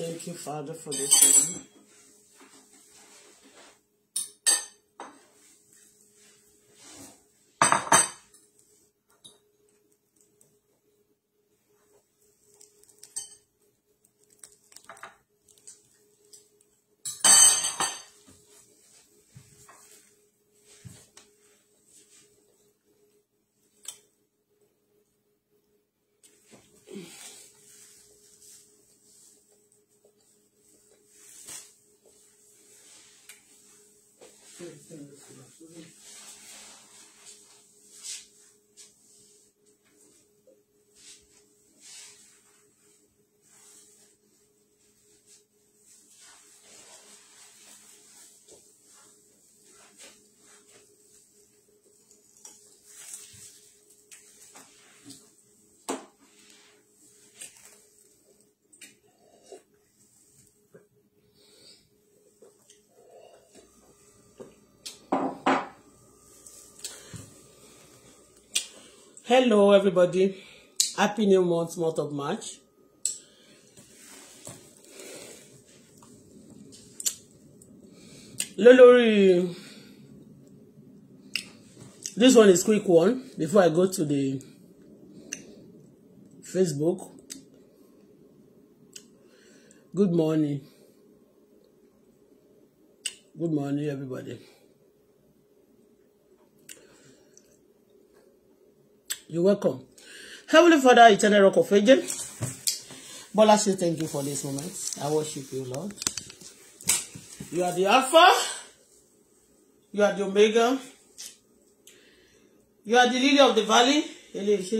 Thank you, Father, for this Hello, everybody. Happy new month, month of March. Lolori, this one is quick one before I go to the Facebook. Good morning. Good morning, everybody. You're welcome. Heavenly Father, eternal rock of ages. Bola say thank you for this moment. I worship you, Lord. You are the Alpha. You are the Omega. You are the lily of the valley. This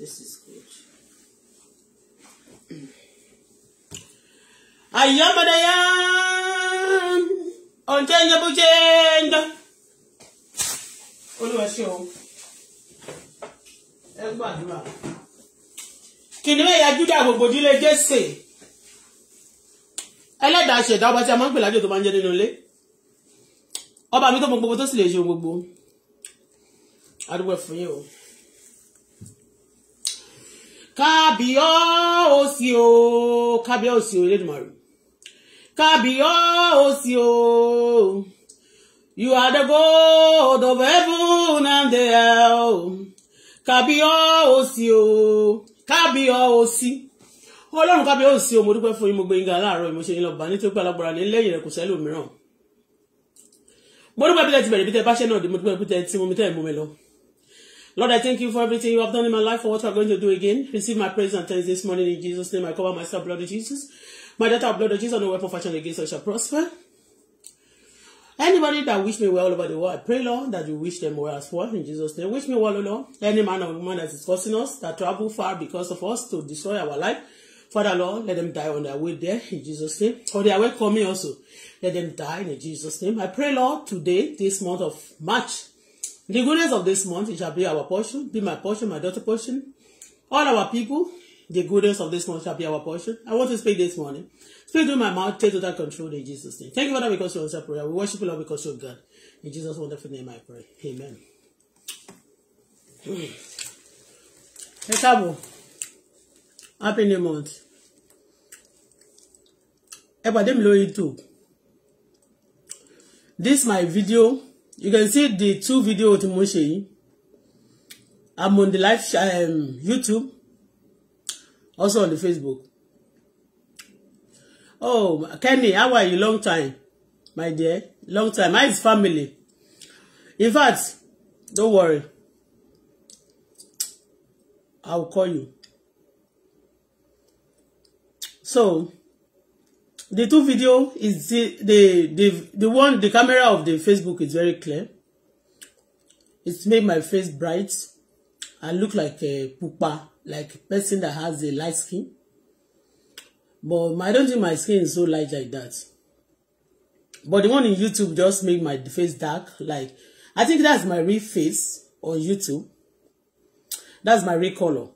is good. I am what I am. Unchangeable change. Olúwa ṣé o kìnìún ẹ̀yà júdà gbogbo ìdílé jésè ẹlẹ́dàá ṣẹ̀dá ọba tí a máa ń pè lájò tó máa ń jẹ́ nínú ilé ọba mi tó mọ gbogbo tó sì lè ṣe gbogbo adúgbò fún yín o kábíyọ́ọ̀sì o kábíyọ́ọ̀sì o Elédùmarè kábíyọ́ọ̀sì o you are the God of heaven and the earth kábíyọ̀ọ́sí o kábíyọ̀ọ́sí ọlọ́run kábíyọ̀ọ́sí o mo dúpẹ́ fún yín mo gbé yín ga láàárọ̀ ìmọ̀ṣẹ́ yín lọ́ba nítorí pé alágbára ní lẹ́yìn rẹ̀ kò sẹ́lò mìíràn mo dúpẹ́ bí tẹ́ ti bẹ̀rẹ̀ bí tẹ́ bá ṣẹ́ náà dé mo dúpẹ́ bí tẹ́ ti mú mi tẹ́ mú mi lọ. Lord, I thank you for everything you have done in my life, for what you are going to do again. Receive my praise and thanks this morning in Jesus' name. I cover myself, blood of Jesus. My daughter, blood of Jesus, no weapon fashioned against us shall prosper. Anybody that wish me well over the world, I pray, Lord, that you wish them well as well in Jesus' name. Wish me well, Lord. Any man or woman that is causing us, that travel far because of us to destroy our life, Father, Lord, let them die on their way there in Jesus' name. Or their way coming also, let them die in Jesus' name. I pray, Lord, today, this month of March, the goodness of this month, it shall be our portion, be my portion, my daughter's portion. All our people, the goodness of this month shall be our portion. I want to speak this morning. Please do my mouth, take total control in Jesus' name. Thank you, Father, because you answer prayer. We worship you, Lord, because you're God. In Jesus' wonderful name I pray. Amen. Ẹ káàbọ̀, happy new month. Ẹ pàdé mi lórí This my video. You can see the two video with mo ṣe I'm on the live um, YouTube, also on the Facebook. Oh, Kenny, how are you? Long time, my dear. Long time. How is family? In fact, don't worry. I'll call you. So, the two video is the, the, the, the one, the camera of the Facebook is very clear. It's made my face bright. I look like a pupa, like a person that has a light skin. But I don't think my skin is so light like that. But the one in YouTube just make my face dark. Like, I think that's my real face on YouTube. That's my real color.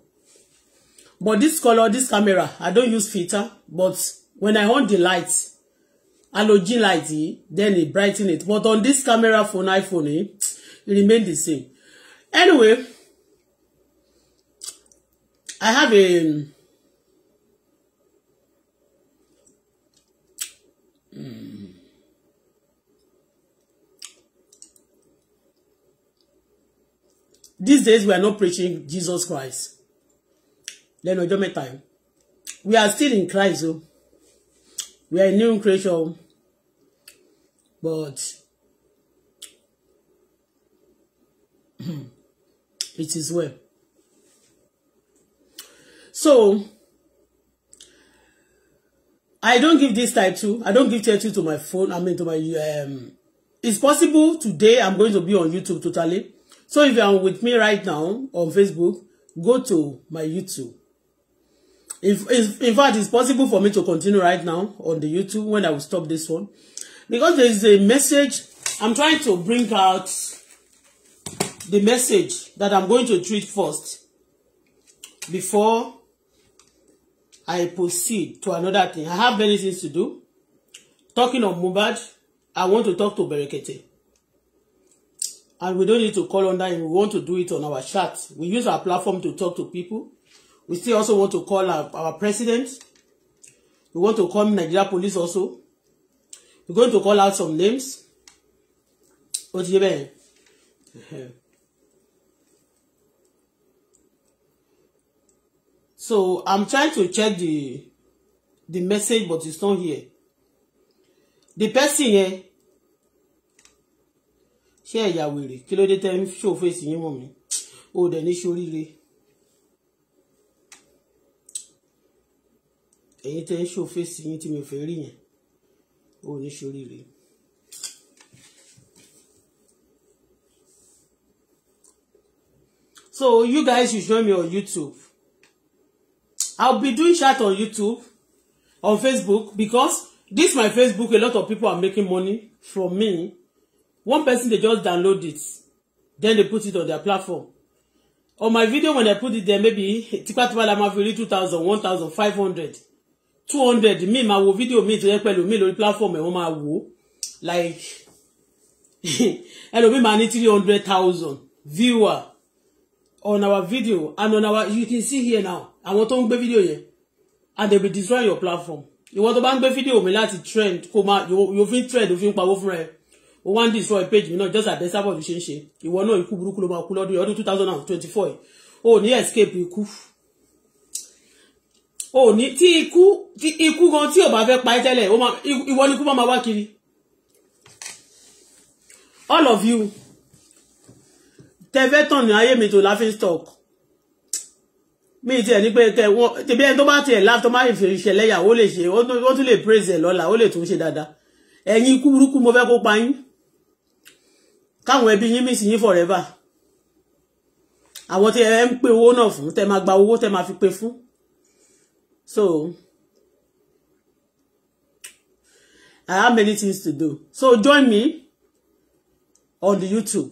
But this color, this camera, I don't use filter. But when I on the light, halogen light, then it brighten it. But on this camera phone, iPhone, it remain the same. Anyway, I have a these days we are not preaching Jesus Christ lẹ́nu ọjọ́ mẹ́ta yìí we are still in Christ o we are a new creation but it is well so I don't give this title I don't give title to my phone I mean to my um it's possible today I'm going to be on YouTube totally So if you are with me right now on Facebook, go to my YouTube. If, if, in fact, it's possible for me to continue right now on the YouTube when I will stop this one. Because there is a message, I'm trying to bring out the message that I'm going to treat first before I proceed to another thing. I have many things to do. Talking of Mubad, I want to talk to Berekete and we don't need to call under him we want to do it on our chat we use our platform to talk to people we still also want to call our, our president we want to call Nigeria police also we're going to call out some names ó ti yé so I'm trying to check the the message but it's not here the person here ṣé ẹ̀yà wèrè kí ló dé tẹ́ ń ṣòfèsì yín mọ̀ mí o dẹ̀ ní ṣoríire ẹ̀yin tẹ́ ń ṣòfèsì yín tí mi fẹ́ rí yẹn o ní ṣoríire. so you guys you join me on YouTube I'll be doing chat on YouTube on Facebook because this my Facebook a lot of people are making money from me one person dey just download it then dey put it on their platform on my video when i put it there maybe tipatipa la ma fi rí two thousand one thousand five hundred two hundred mi ma wo video mi tó yẹ pẹ̀lú mi lórí platform ẹ̀ wọ́n ma wo like ẹlòmíì ma ní three hundred thousand viewer on our video and on our you can see here now àwọn tó ń gbé video yẹn and they be destroy your platform ìwọ tó bá ń gbé fídíò mi láti trend kó máa yóò fi trend òfin pawó fúnra ẹ ó wá ń destroy page mi náà just as desabo ló ṣe ń ṣe ìwọ náà ikú burúkú ló máa kú lọ́dún ọdún two thousand and twenty-four yìí o ní escape ikú o ò ní tí ikú tí ikú gan tí ò bá fẹ́ pa ẹ́ tẹ́lẹ̀ ìwọ ni ikú máa máa wá kiri all of you tẹ́fẹ́ tàn ní ayé mi tó laughing stock mi ti ẹ̀ ní pé kẹ wọ́n tẹ̀bí ẹni tó bá tiẹ̀ láf tó má ìfẹ̀ṣẹ̀lẹ́yà ó lè ṣe ó tún lè praise ẹ̀ lọ́la ó lè tún ṣe dáadáa ẹ̀yin ikú burúkú mo fẹ́ kó pa yín káwọn ẹbí yín miss yín forever àwọn tí ẹ ń pè owó náà fún tẹ máa gba owó tẹ máa fi pè fún so I have many things to do so join me on the YouTube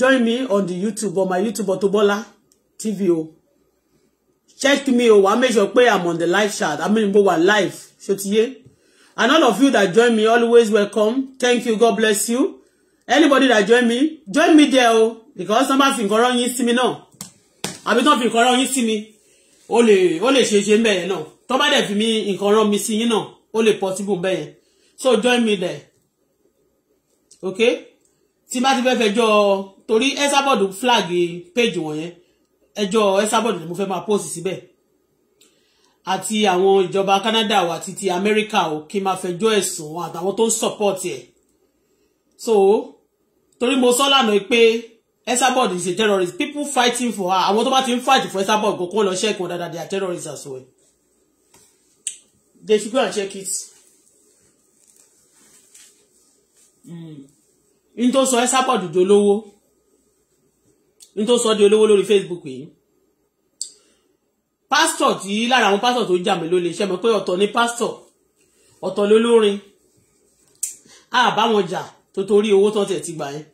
join me on the YouTube on my YouTube Auto Bola TV o check me o wá make sure pé I'm on the live chat I mean mo wà live ṣó ti yé. And all of you that join me, always welcome. Thank you. God bless you. Anybody that join me, join me there oh. Because somebody fi nǹkan rán yín sí mi náà. Àbí tó fi nǹkan rán yín sí only Ó lè ó lè ṣe ṣe ńbẹ̀ yẹn náà. Tó bá dẹ̀ fi mi nǹkan possible ńbẹ̀ So join me there. Okay? Tí bá ti fẹ́ fẹ́ jọ torí Esabod flag page one. Ẹjọ́ Esabod ni mo fẹ́ máa post síbẹ̀ àti àwọn ìjọba Canada o àti ti America o kí n máa fẹjọ́ ẹ̀sùn àtàwọn tó ń support ẹ̀ so torí mo sọ lánàá pé Esabod is a terrorist people fighting for her àwọn tó bá ti ń fight for Esabod kò kó lọ ṣẹ́kùn dáadáa they are terrorists as well they should go and check it. Mm. n tó sọ Esabod di olówó n tó sọ di olówó lórí Facebook yìí pásítọ̀ tí lára àwọn pásítọ̀ tó jà mí lólè ṣe mọ̀ pé ọ̀tọ̀ ni pásítọ̀ ọ̀tọ̀ lolórin a bá wọn jà tó torí owó tán tiẹ̀ ti gbà yẹn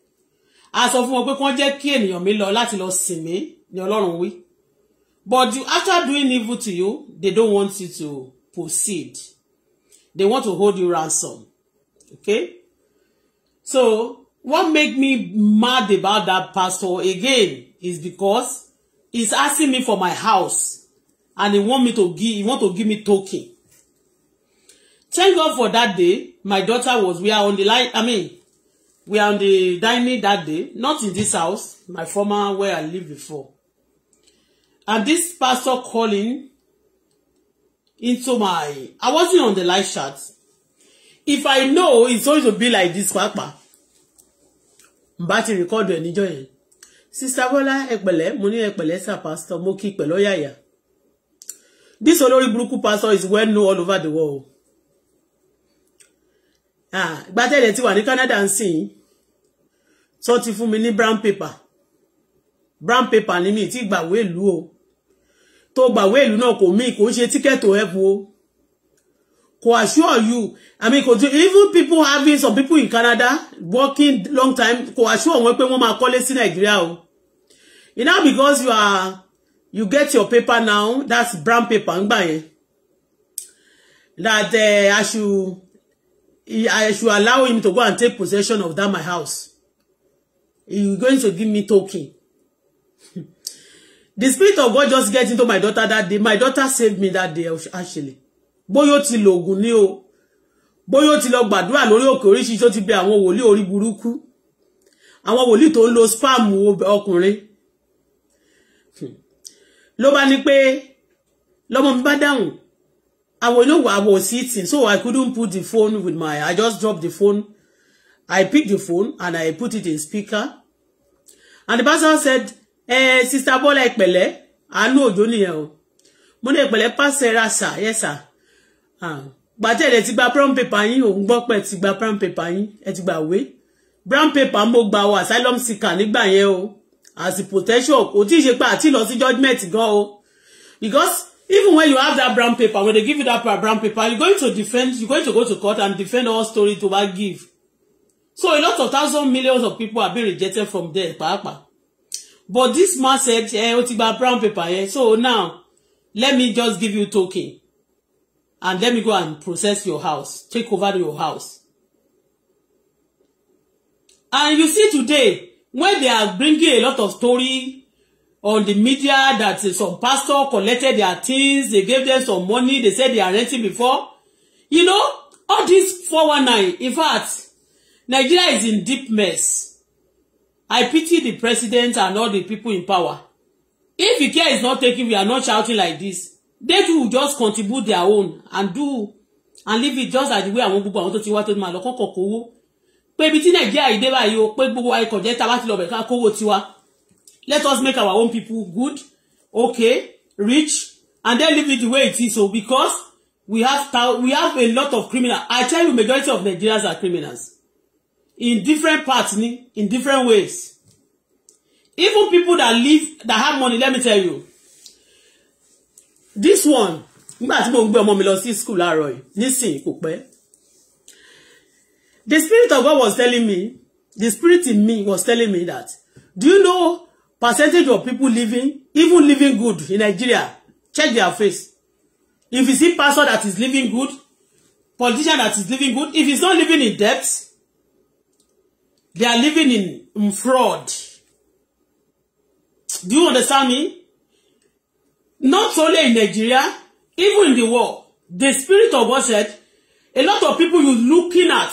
a sọ fún wọn pé kán jẹ́ kí ènìyàn mi lọ láti lọ sìn mí ni ọlọ́run wí but after doing evil to you they don't want you to proceed they want to hold you ransom okay so what make me mad about that pastor again is because he's asking me for my house and he want me to give he want to give me token thank God for that day my daughter was we are on the line I mean we are on the dining that day not in this house my former where I live before and this pastor calling into my I wasn't on the live chat if I know it's going to be like this papa bá ti record ẹ̀ níjọ́ yẹn sista Bọ́lá ẹ pẹ̀lẹ́ mo ní ẹ pẹ̀lẹ́ pastor mo kí pẹ̀lọ́yàyà This olórí burúkú pastor is well known all over the world. Ah, gbàtẹ́lẹ̀ ti wà ní Canada ń sìn tó ti fún mi ní brown paper brown paper ni mi ti gbàwé ìlú o tó gbàwé ìlú náà kò mí kò ń ṣe to ẹ̀fù o kò assure you I mean kò tún even people having some people in Canada working long time kò assure wọn pé wọ́n máa kọ́lé sí Nàìjíríà o you know because you are you get your paper now that's brown paper ngbà yẹn that uh, I should I should allow him to go and take possession of that my house he going to give me token the spirit of God just get into my daughter that day my daughter saved me that day actually bóyá ti lògùn ní o bóyá ti lọ gbàdúrà lórí òkè oríṣiríṣi tó ti bẹ àwọn wòlíì orí burúkú àwọn wòlíì tó ń lo spam ọkùnrin ló bá ní pé lọ́mọ mi bá dáhùn I was no I was sitting so I couldn't put the phone with my I just dropped the phone I picked the phone and I put it in speaker and the person said eh sister Bola Ẹ̀pẹ̀lẹ́ àánú òjò nìyẹn o mo ní Ẹ̀pẹ̀lẹ́ pàṣẹra sà yes sir ah, gbàtẹ́ ẹ̀ ti gba brown paper yín òun gbọ́ pé ẹ̀ ti gba brown paper yín ẹ̀ ti gbà wé brown paper mo gba o asylum seeker nígbà yẹn o as a potential kò tí ì ṣe pé àti lọ sí judgement gan o because even when you have that brown paper when they give you that brown paper you going to defend you going to go to court and defend all story to ba give so a lot of thousand millions of people have been rejected from there paapaa but this man said eh ó ti gba brown paper yẹn so now let me just give you token and let me go and process your house take over your house and you see today when they are bringing a lot of story on the media that some pastor collected their things they gave them some money they said they are renting before you know all this 419 in fact Nigeria is in deep mess I pity the president and all the people in power if the care is not taken we are not shouting like this they too will just contribute their own and do and leave it just like the way àwọn gbogbo àwọn tó ti wá tó máa lọ kọ́kọ́ kówó pé ibi tí nàìjíríà yìí dé báyìí o pé gbogbo ayé kọ̀jẹ́ bá ti lọ bẹ̀ ká kówó tiwa let us make our own people good okay rich and then leave it the way it is So because we have we have a lot of criminals i tell you majority of nigerians are criminals in different parts ni in different ways even people that live that have money let me tell you this one nígbà tí mo ń gbé ọmọ mi lọ sí school láàárọ̀ yìí nísìnyí kò pẹ́ The Spirit of God was telling me, the Spirit in me was telling me that, do you know percentage of people living, even living good in Nigeria? Check their face. If you see pastor that is living good, politician that is living good, if he's not living in debt, they are living in, in fraud. Do you understand me? Not only in Nigeria, even in the world, the Spirit of God said, a lot of people you looking at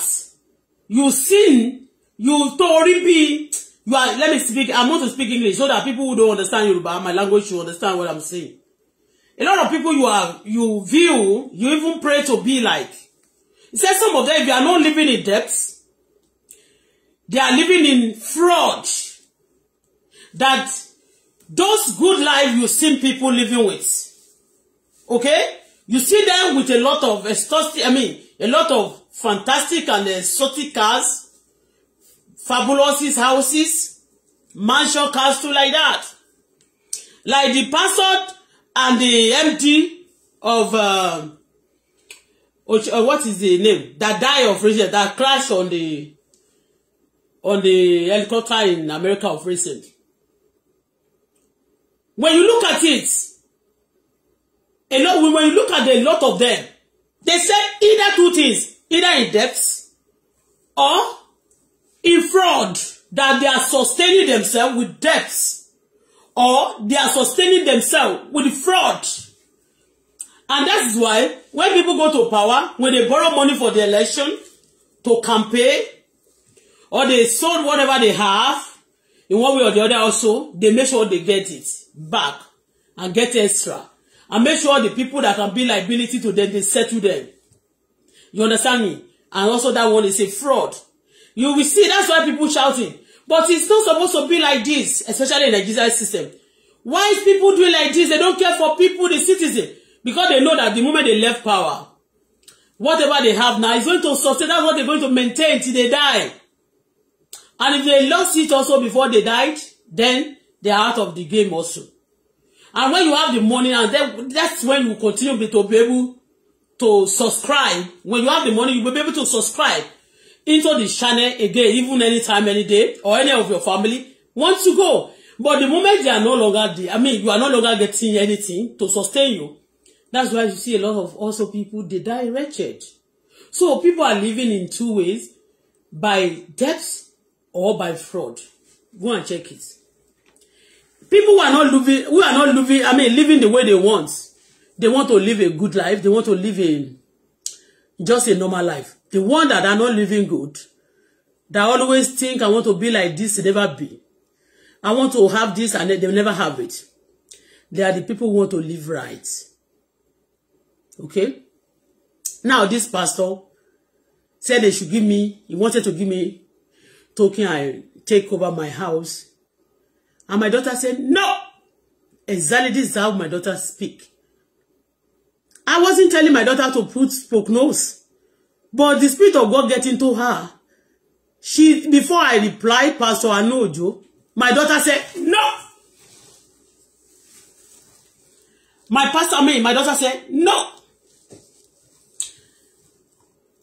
you sin you tori be you are let me speak i want to speak english so that people who don't understand yoruba my language should understand what i'm saying a lot of people you are you view you even pray to be like he said some of them if they are not living in debt they are living in fraud that those good life you see people living with okay you see them with a lot of extortion i mean a lot of fantastic and exotic cars, fabulous houses, mansion castle like that. Like the pastor and the MD of um, uh, what is the name that died of recent that crashed on the on the helicopter in America of recent. When you look at it, a lot when you look at a lot of them, they said either two things either in debt or in fraud that they are sustaining themselves with debts or they are sustaining themselves with fraud. And that is why when people go to power, when they borrow money for the election to campaign, or they sold whatever they have, in one way or the other also, they make sure they get it back and get extra. And make sure the people that can be liability to them, they settle them. You understand me? And also that one is a fraud. You will see, that's why people shouting. But it's not supposed to be like this, especially in the Nigerian system. Why is people doing like this? They don't care for people, the citizen, because they know that the moment they left power, whatever they have now is going to sustain. That's what they're going to maintain till they die. And if they lost it also before they died, then they are out of the game also. And when you have the money, and then that's when you continue to be able to subscribe when you have the money you will be able to subscribe into the channel again even anytime any day or any of your family wants to go but the moment they are no longer there I mean you are no longer getting anything to sustain you that's why you see a lot of also people they die wretched so people are living in two ways by debts or by fraud go and check it people who are not living who are not living I mean living the way they want They want to live a good life. They want to live a just a normal life. The one that are not living good, that always think I want to be like this, they never be. I want to have this and they never have it. They are the people who want to live right. Okay? Now this pastor said they should give me, he wanted to give me token I take over my house. And my daughter said, no! Exactly this is how my daughter speak. I wasn't telling my daughter to put spoke nose, but the spirit of God getting to her. She before I reply Pastor Anojo, my daughter said, No. My pastor, I mean, my daughter said, No.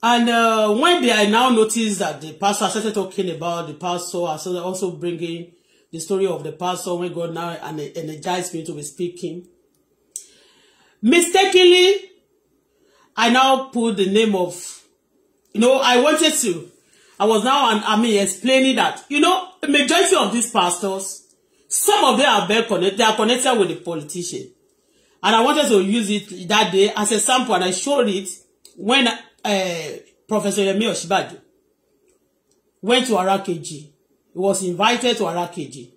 And uh, when I now noticed that the pastor started talking about the pastor, I started also bringing the story of the pastor when God now energized me to be speaking mistakenly I now put the name of you know I wanted to I was now an, I explaining that you know majority of these pastors some of them are very connected they are connected with the politician and I wanted to use it that day as a sample and I showed it when uh, Professor Yemi Osinbajo went to Arakeji he was invited to Arakeji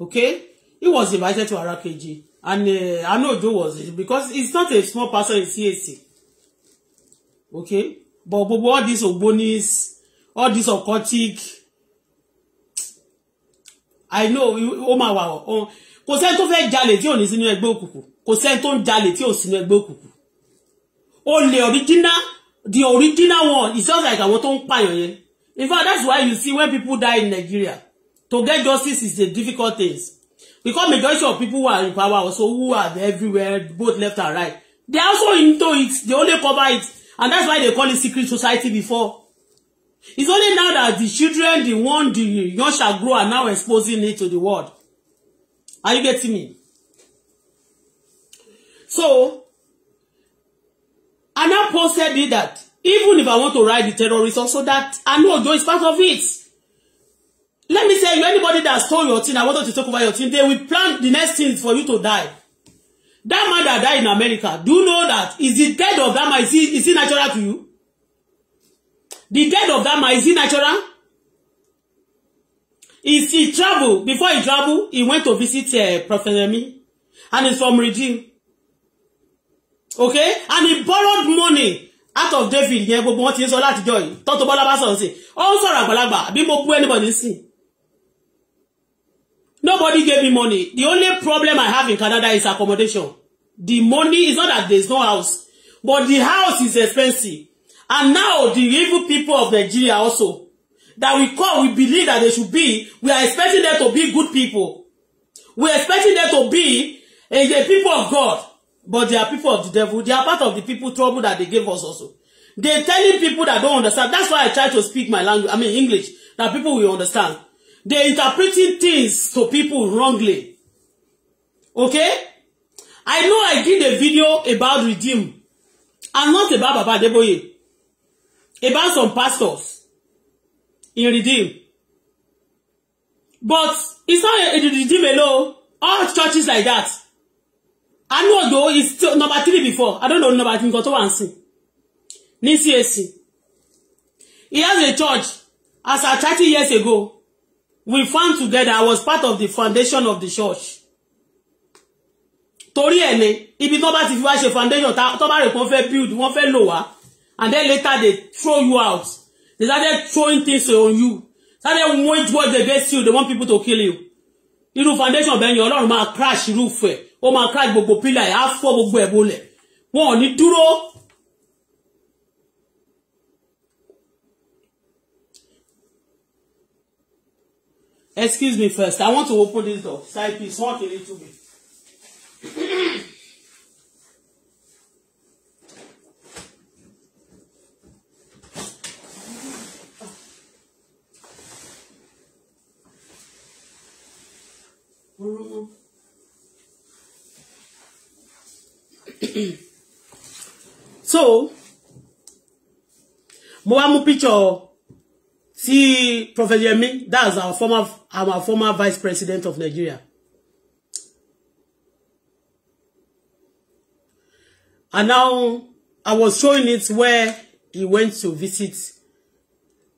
okay he was invited to Arakeji and uh, Anojo was it because it's not a small person in CAC okay but but but all these obonis, all these occultic I know Oh my wow! Oh, kò sẹ́ni tó fẹ́ jalè tí ò ní sínú ẹgbẹ́ òkùnkùn kò sẹ́ni tó ń jalè tí ò sínú ẹgbẹ́ original the original one is just like àwọn tó ń pààyàn yẹn in fact that's why you see when people die in Nigeria to get justice is the difficult thing because majority of people who are in power also who are everywhere both left and right they also into it they only cover it and that's why they call it secret society before it's only now that the children the one the young shall grow are now exposing it to the world are you getting me so I now posted it that even if I want to ride the terrorists also that I know Ojo is part of it Let me tell you, anybody that stole your thing, I wanted to talk about your thing, they will plan the next thing for you to die. That man that died in America, do you know that? Is the dead of that man, is it, is it natural to you? The dead of that man, is it natural? Is he travel? Before he travel, he went to visit uh, Prophet Remi, and he's from Redeem. Okay? And he borrowed money out of David yẹn gbogbo wọn ti ń sọ látijọ́ yìí tọ́tò bọ́lá bá sọ̀rọ̀ sí i ó ń sọ̀rọ̀ àgbàlagbà bí mo bú anybody sí i Nobody gave me money. The only problem I have in Canada is accommodation. The money is not that there's no house, but the house is expensive. And now the evil people of Nigeria also, that we call, we believe that they should be, we are expecting them to be good people. We are expecting them to be uh, the people of God. But they are people of the devil. They are part of the people trouble that they gave us also. They're telling people that don't understand. That's why I try to speak my language, I mean English, that people will understand. They're interpreting things to people wrongly. Okay? I know I did a video about redeem and not about Baba Deboye, About some pastors in redeem. But it's not a, redeem alone. All churches like that. I know though it's number three before. I don't know number three. Got to one see. Ní CAC. He has a church as at 30 years ago we found together I was part of the foundation of the church torí ẹ̀ ni ibi tí wọ́n bá ti fi wá ṣe foundation tó bá rè kó fẹ́ build wọ́n fẹ́ lò wá and then later they throw you out they started throwing things on you started wage war against you they want people to kill you irú foundation bẹ́ẹ̀ yẹn ọlọ́run máa crash irú fẹ̀ ó máa crash gbogbo pillar ẹ̀ á fọ́ gbogbo ẹ̀ bolẹ̀ wọn ò ní dúró Excuse me first. I want to open this door. Side piece, walk a little bit. So, mo wá mú picture See, Prophet Yemi that's our former our former vice president of Nigeria and now I was showing it where he went to visit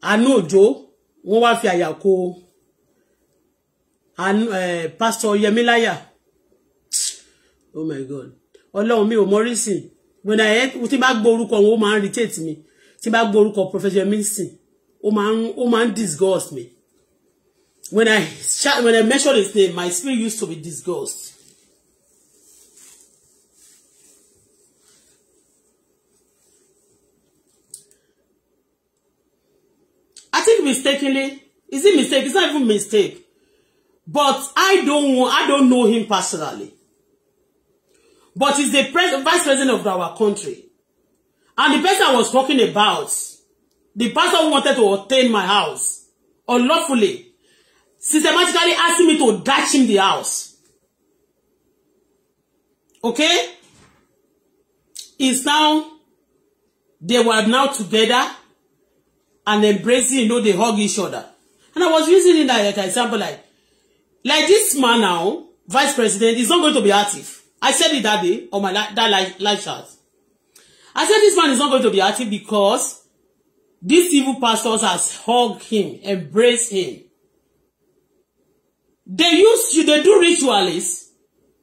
anojo wọ́n wá and àyà eh, pastor Yemilaya oh my god Ọlọ́run mi ò mọ when I tí bá gbọ́ orúkọ wọn ó máa ń irritate mi tí ba gbọ́ orúkọ Prophet Yemi ó máa ń ó máa ń disgust me when I when I mention his name my spirit used to be disgust. I think mistakenly is it mistake it's not even mistake but I don't want I don't know him personally but he's the pres vice president of our country and the person I was talking about The pastor who wanted to obtain my house unlawfully systematically asking me to dash him the house. Okay? It's now, they were now together and embracing, you know, they hug each other. And I was using it like an example, like, like this man now, vice president, is not going to be active. I said it that day on my that live, live chat. I said this man is not going to be active because These evil pastors has hugged him, embraced him. They use you, they do ritualists,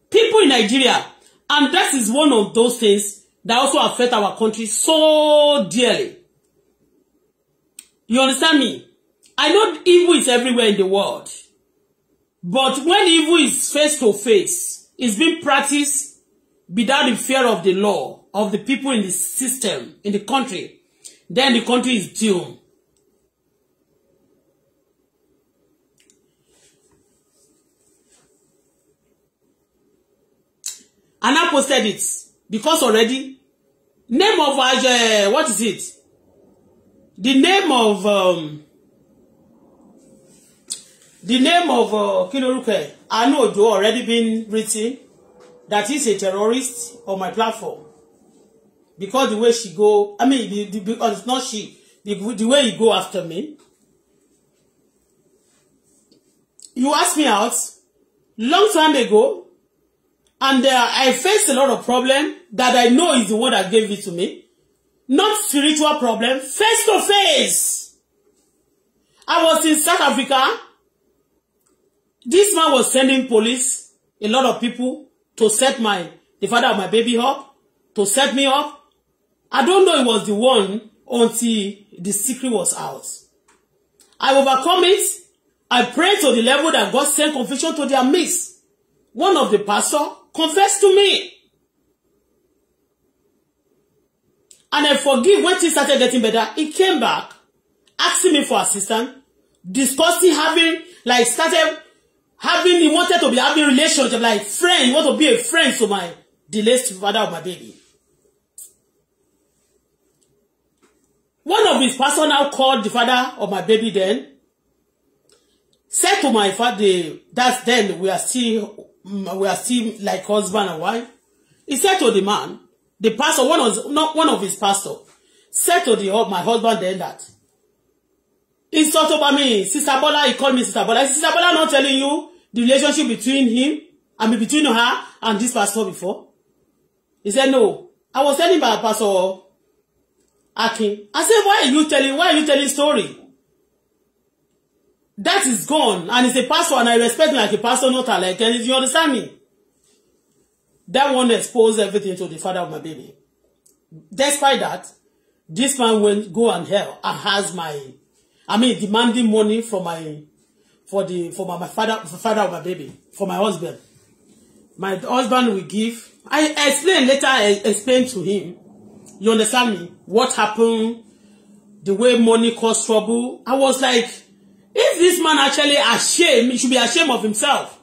people in Nigeria, and that is one of those things that also affect our country so dearly. You understand me? I know evil is everywhere in the world. But when evil is face to face, it's being practiced without the fear of the law, of the people in the system, in the country, Then the country is due. And I posted it because already name of uh, what is it? The name of um, the name of uh, Kiloruke Anu Odo already been written that he's a terrorist on my platform because the way she go i mean the, the, because it's not she the, the way you go after me you asked me out long time ago and uh, I faced a lot of problem that I know is the one that gave it to me. Not spiritual problem, face to face. I was in South Africa. This man was sending police, a lot of people, to set my, the father of my baby up, to set me up, I don't know it was the one until the secret was out. I overcome it. I pray to the level that God sent confusion to their midst. One of the pastor confessed to me. And I forgive when things started getting better. He came back, asking me for assistance, discussing having, like started having, he wanted to be having relationship, like friend, he want to be a friend to my delayed father of my baby. One of his personal called the father of my baby then, said to my father, that's then we are still, we are still like husband and wife. He said to the man, the pastor, one of, not one of his pastor, said to the my husband then that, it's not about me, Sister Bola, he called me Sister Bola. Is Sister Bola not telling you the relationship between him and between her and this pastor before? He said, no. I was telling my pastor, Akin. I said, why are you telling, why are you telling story? That is gone. And it's a pastor and I respect like a pastor, not a like, you understand me? That one exposed everything to the father of my baby. Despite that, this man went go and hell and has my, I mean, demanding money for my, for the, for my, my father, for father of my baby, for my husband. My husband will give. I explain later. I explain to him. You understand me? what happened, the way money caused trouble. I was like, is this man actually ashamed? He should be ashamed of himself.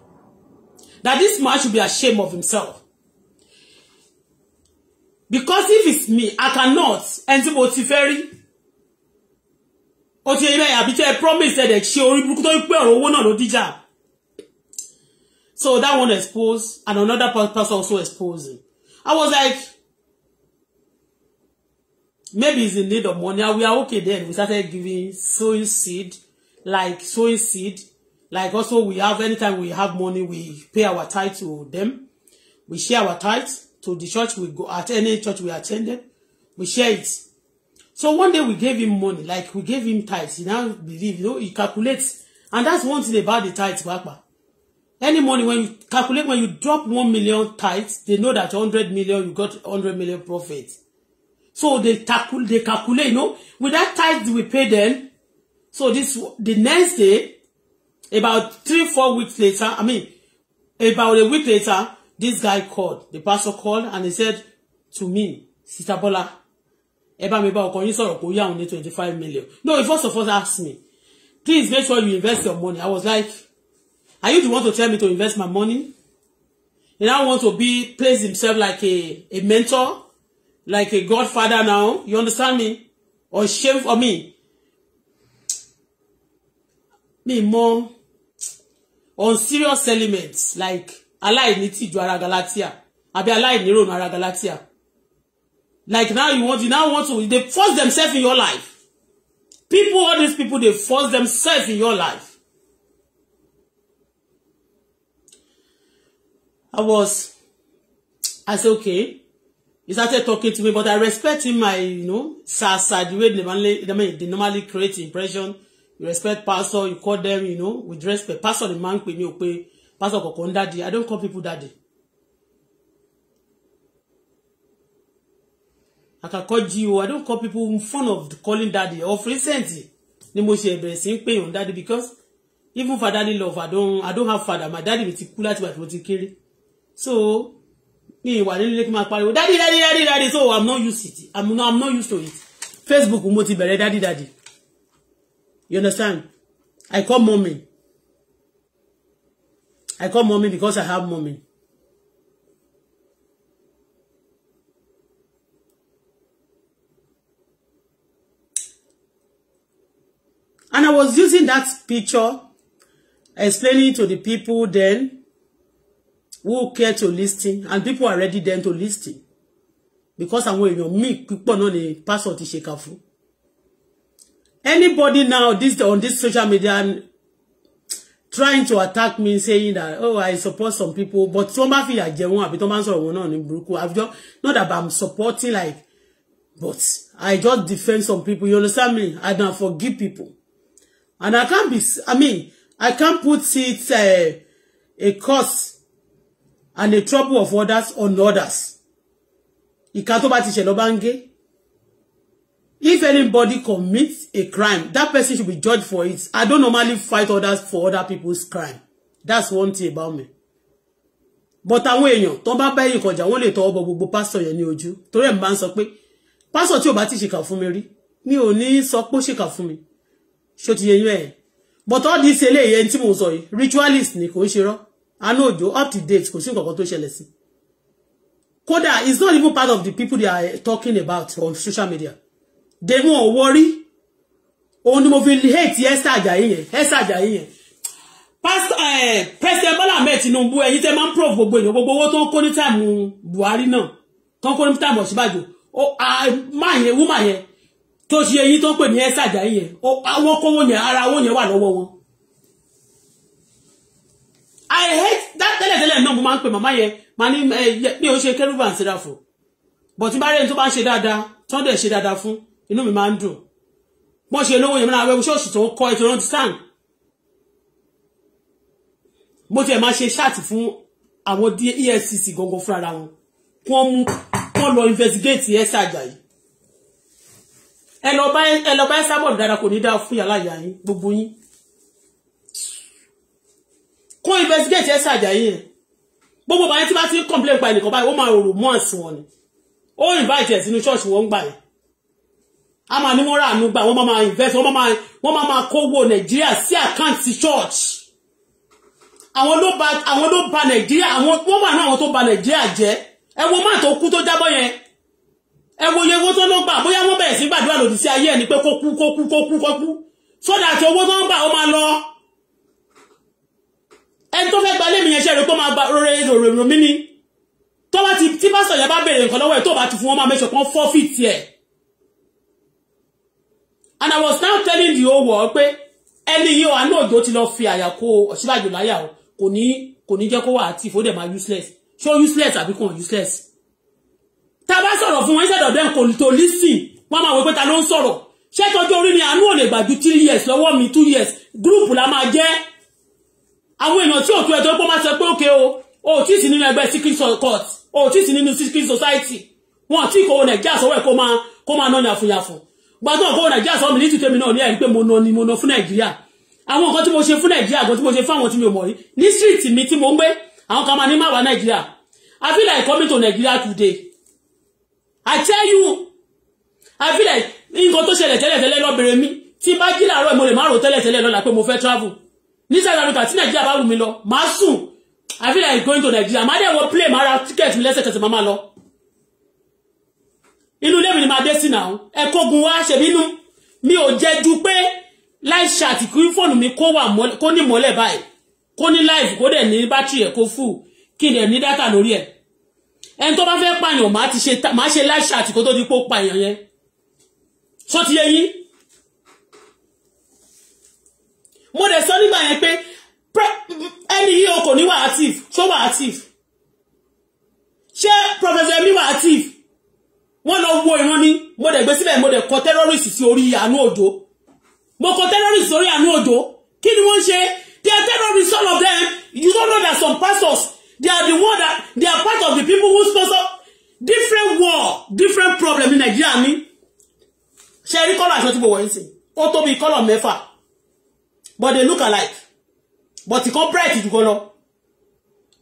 That this man should be ashamed of himself. Because if it's me, I cannot enter Motiferi. Ó ti ilé àbí tẹ́ promise ẹ̀dẹ̀ ṣe orí burúkú tó ń pé ọ̀rọ̀ owó So that one exposed and another person also exposed. I was like, maybe he's in need of money and we are okay then we started giving sowing seed like sowing seed like also we have anytime we have money we pay our tithe to them we share our tithe to the church we go at any church we attended we share it so one day we gave him money like we gave him tithe he now believe you know he calculates and that's one thing about the tithe papa any money when you calculate when you drop one million tithe they know that hundred million you got hundred million profit So they calculate, they calculate, you know, with that tithe we pay them. So this, the next day, about three, four weeks later, I mean, about a week later, this guy called, the pastor called and he said to me, "Sitabola, Bola, ẹ bá mi bá ọkọ yín sọ̀rọ̀ twenty five million. No, he first of all asked me, please make sure you invest your money. I was like, are you the one to tell me to invest my money? He now want to be, place himself like a, a mentor like a godfather now you understand me or shame for me me more on serious elements like alive Niti ara galatia be alive Niro Nara galatia like now you want you now want to they force themselves in your life people all these people they force themselves in your life i was i said okay he started talking to me but I respect him I you know sir, sir, the way they normally they normally create impression you respect pastor you call them you know with respect pastor the man pe mi o pe pastor kankan daddy I don't call people daddy I can call you I don't call people in front of calling daddy of recently ni mo ṣe bẹ̀rẹ̀ sí ń pè yàn daddy because even fatherly love I don't I don't have father my daddy mi ti kú láti gbà tí mo ti kéré so mi ìwà nínú ilé kí n máa pariwo dádì dádì dádì dádì so i'm not used to it i'm not, I'm not used to it facebook mo ti bẹ̀rẹ̀ dádì dádì you understand i call mommy i call mommy because i have mommy And I was using that picture, explaining to the people then who care to listen and people are ready then to listen because àwọn èèyàn míì púpọ̀ náà ni pastor ti ṣèkà fún anybody now this on this social media trying to attack me saying that oh I support some people but tí wọ́n bá fìyà jẹ wọn àbí tí wọ́n bá ń sọ̀rọ̀ wọn náà ní burúkú I've just not that I'm supporting like but I just defend some people you understand me I don't forgive people and I can't be I mean I can't put it uh, a cause and the trouble of others on others ìka tó bá ti ṣẹlẹ̀ ọba if anybody commits a crime that person should be judged for it i don't normally fight others for other people's crime that's one thing about me but àwọn èèyàn tó bá bá èyí kọjá wọn lè tọwọ́ bọ gbogbo pastor, yẹn ní ojú torí ẹ̀ ń bá ń sọ pé pásítọ̀ tí ò bá ti ṣèkà fún mi rí mi ò ní sọ pé ó ṣèkà fún mi ṣó ti yẹ yín but all this eléyìí ẹni tí mo sọ yìí ritualist ni kò ń ṣe àánú òjò up to date kò sí nǹkan kan tó ṣẹlẹ̀ sí kódà it's not even part of the people they are talking about on social media they wọn worry. wọrí òun ni mo fi hate Esther Ajayi yẹn Esther Ajayi yẹn pastor eh, president Bola Ahmed Tinubu ẹ̀yin tẹ́ máa ń prove gbogbo èèyàn gbogbo owó tó ń kó ní táìmù Buhari náà tó ń kó ní táìmù Ọ̀ṣínbàjò máa yẹn wúmà yẹn tó ṣe eyín tó ń pè ní Esther Ajayi yẹn àwọn kówó yẹn ara owó yẹn wà lọ́wọ́ wọn I hate that tẹ́lẹ̀tẹ́lẹ̀ náà mo máa ń pè màmá yẹn màá ní eh, mi ò ṣe kérúbù àti ráfò bọ̀ tí bá rẹ́ni tó bá ń ṣe dáadáa tó ń dẹ̀ ṣe dáadáa fún inú mi máa ń dùn bọ́n ṣe lówó yẹn mọ́ra wẹ́wú ṣọ́ọ̀ṣì tó kọ́ ètò rántí sáà mo tiẹ̀ máa ṣe ṣáàtì fún àwọn EFCC gangan fúnra wọn kí wọ́n mú wọ́n lọ investigate Esther Ajayi ẹ lọ bá ẹ sábọ̀dù dáadáa kò ní dáa fún yàrá ìyá yín gbogbo yín kó investigate ẹ ṣàjàyí yẹn gbogbo bàyẹn tí bá ti ń complain pa ẹnìkan báyìí ó máa rò mọ́ àsùn wọn ni ó invite ẹ̀ sínú ṣọ́ọ̀ṣì wọn gbà yẹn a máa ní wọ́n rà àánú gbà wọ́n máa invest wọ́n máa wọ́n máa máa kówó nàìjíríà sí àkáǹtì church àwọn ló ba àwọn ló ba nàìjíríà àwọn wọ́n wà ní àwọn tó ba nàìjíríà jẹ́ ẹ wo má tó kú tó jábọ́ yẹn ẹ wo iye owó tó ló gbà bóyá wọ́n bẹ̀rẹ̀ sí gbàdúrà lòdì sí ayé ẹ̀ ni pé kó kú kó kú kó kú kó kú sódà àti owó tó ń gbà ó máa lọ ẹni tó fẹ́ gba lé mi yẹn ṣe rè pé máa gba rere rèrò mi ni tó bá ti tí pásítọ̀ yẹn bá béèrè nǹkan lọ́wọ́ ẹ̀ tó bá ti fún wọn máa mẹ́sàn kan fọ́fìtì ẹ̀ and I was now telling the whole world pé ẹni yìí ọ̀hánú òjò ti lọ fi àyà kó Ọ̀ṣínbàjò láyà o kò ní kò ní jẹ́ kó wà àti ìfowódẹ̀ máa useless ṣó useless àbí kò useless tá a bá sọ̀rọ̀ fún wọn instead of them kò tó listen wọ́n máa wọ pé ta ló ń sọ̀rọ̀ ṣé tọjú orí ni àánú ò lè gbà ju three years lọ́wọ́ mi two years group la máa jẹ́ àwọn èèyàn tí òtún ẹjọ́ pọ́ máa sọ pé òkè o ò tí sí nínú ẹgbẹ́ secret court ò tí sí nínú secret society wọn àti ìkòwò nàìjíríà sọwọ́ ẹ̀ kó máa kó máa ná yàfùyàfù gbàtọ́ ìkòwò nàìjíríà sọ mi ní tìtẹ́mi náà ní ẹ̀rí pé mo ná ni mo ná fún nàìjíríà àwọn nǹkan tí mo ṣe fún nàìjíríà àgbọn tí mo ṣe fún àwọn tí mi ò mọ̀ rí ní street mi tí mo ń gbé àwọn kan máa ní má wá nàìjíríà I feel like coming to Nigeria today I tell you I feel like nǹkan tó ṣẹlẹ̀ tẹ́lẹ̀ tẹ́lẹ̀ lọ́bẹ̀rẹ̀ mi tí bá jí làárọ̀ mo lè má rò tẹ́lẹ̀ tẹ́lẹ̀ lọ́la pé mo fẹ́ travel ní South Africa tí Nàìjíríà bá wù mí lọ màá sùn I feel like going to Nigeria màá dẹ̀ wọ play màá ticket mi lẹ́sẹ̀kẹsẹ̀ màá máa lọ inú ilé mi ni màá dé sí náà ẹ̀kọ́ ogun wa ṣèbí inú mi ò jẹ́ ju pé láì ṣàtì kí fóònù mi kó wà kó ní mọ́lẹ̀ báyìí ni ní láìfù Ko dẹ̀ ní bátìrì ẹ̀ kó fù kí dẹ̀ ní dátà lórí ẹ̀ ẹni tó bá fẹ́ pààyàn màá ṣe láì ṣàtì kó tó di pó pààyàn yẹn sọ ti yẹ mo dẹ̀ sọ nígbà yẹn pé ẹni yìí o kò ní wà active ṣó wà active ṣé professor emi wà active wọ́n lọ wo ìran ni mo dẹ̀ gbé síbẹ̀ mo dẹ̀ kọ terrorist sí orí àánú òjò mo kọ terrorist sórí àánú òjò kí ni wọ́n ṣe they are terrorists all of them you don't know that some pastors they are the one that they are part of the people who sponsor different war different problem in Nigeria ni ṣe rí kọ́lọ̀ aṣọ tí mo wọ̀ ń sìn ó tó bí kọ́lọ̀ mẹ́fà but they look alike but come bright jù color. lọ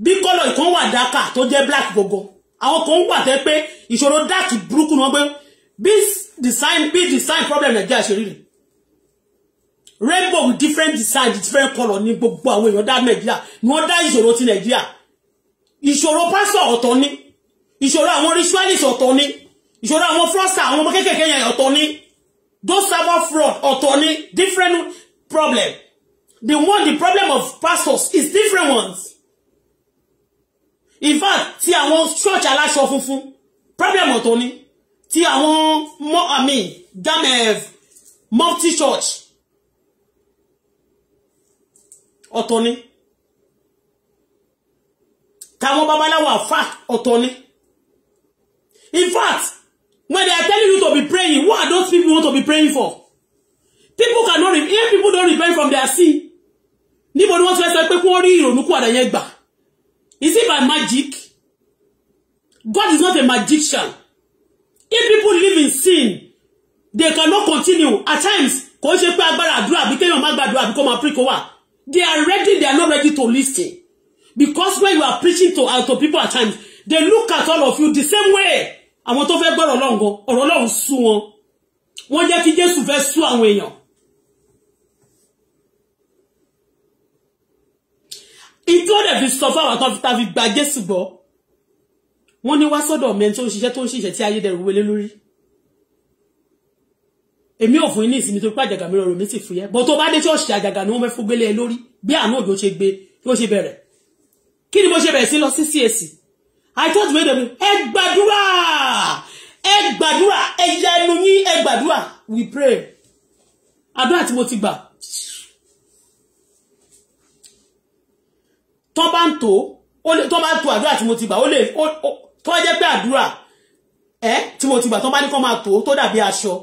bí kọ́lọ̀ ìkan wà dáka tó jẹ́ black gbogbo àwọn kan wà tẹ́ pé ìṣòro dark burúkú náà pé This design bí design problem nàìjíríà ṣe rí rainbow with different design different colour ní gbogbo àwọn èèyàn dá nàìjíríà ni wọ́n dá ìṣòro ti nàìjíríà ìṣòro pásọ̀ ọ̀tọ̀ ni ìṣòro àwọn ritualist ọ̀tọ̀ ni ìṣòro àwọn fraudster àwọn ọmọ kékèké yẹn ọ̀tọ̀ ni those cyber fraud ọ̀tọ̀ ni different problem The one, the problem of pastors is different ones. In fact, ti àwọn church aláṣọ funfun, problem ọ̀tọ̀ ni. Ti àwọn mọ́ àmì dámẹ́ mọ́tí church ọ̀tọ̀ ni. Tàwọn babaláwo àfà ọ̀tọ̀ ni. In fact, when they are telling you to be praying, what are those people want to be praying for? People cannot, if people don't repent from their sin, níbo ni wọ́n ti fẹ́ sọ pé kí wọ́n rí ìrònú kúwàdà yẹn gbà is it by magic God is not a magician if people live in sin they cannot continue at times kò ṣe pé agbára àdúrà àbí kéèyàn má gbàdúrà àbí kó máa pray kó wà they are ready they are not ready to listen because when you are preaching to uh, to people at times they look at all of you the same way àwọn tó fẹ́ gbọ́rọ̀ ọlọ́run ọ̀rọ̀ ọlọ́run sú wọn wọ́n jẹ́ kí Jésù fẹ́ sú àwọn èèyàn ìtú ọ̀dẹ̀ fi sọ fáwọn àtọ́ ta fi gba Jésù gbọ́ wọ́n ní wá sọ́dọ̀ mẹ́ni tó ń ṣiṣẹ́ tó ń ṣiṣẹ́ tí ayédèrú wọlé lórí èmi ò fún yín ní ìsinmi torí pé àjàgà mi rọrùn mi sì fúyẹ́ bọ́ tó bá dé ṣọ́ọ̀ṣì àjàgà ni wọ́n fẹ́ fún gbélé ẹ lórí bí àánú òjò ṣe gbé bí ó ṣe bẹ̀rẹ̀ kí ni mo ṣe bẹ̀rẹ̀ sí lọ sí CAC I thought wey ẹ gbàdúrà ẹ gbàdúrà ẹ yẹ yín ẹ gbàdúrà we pray àdúrà tí mo ti gbà tán bá ń tò ó lè tán bá ń tò àdúrà tí mo ti gbà ó lè tó jẹ́ pé àdúrà ẹ tí mo ti gbà tán bá ní kán máa tò ó tó dàbí aṣọ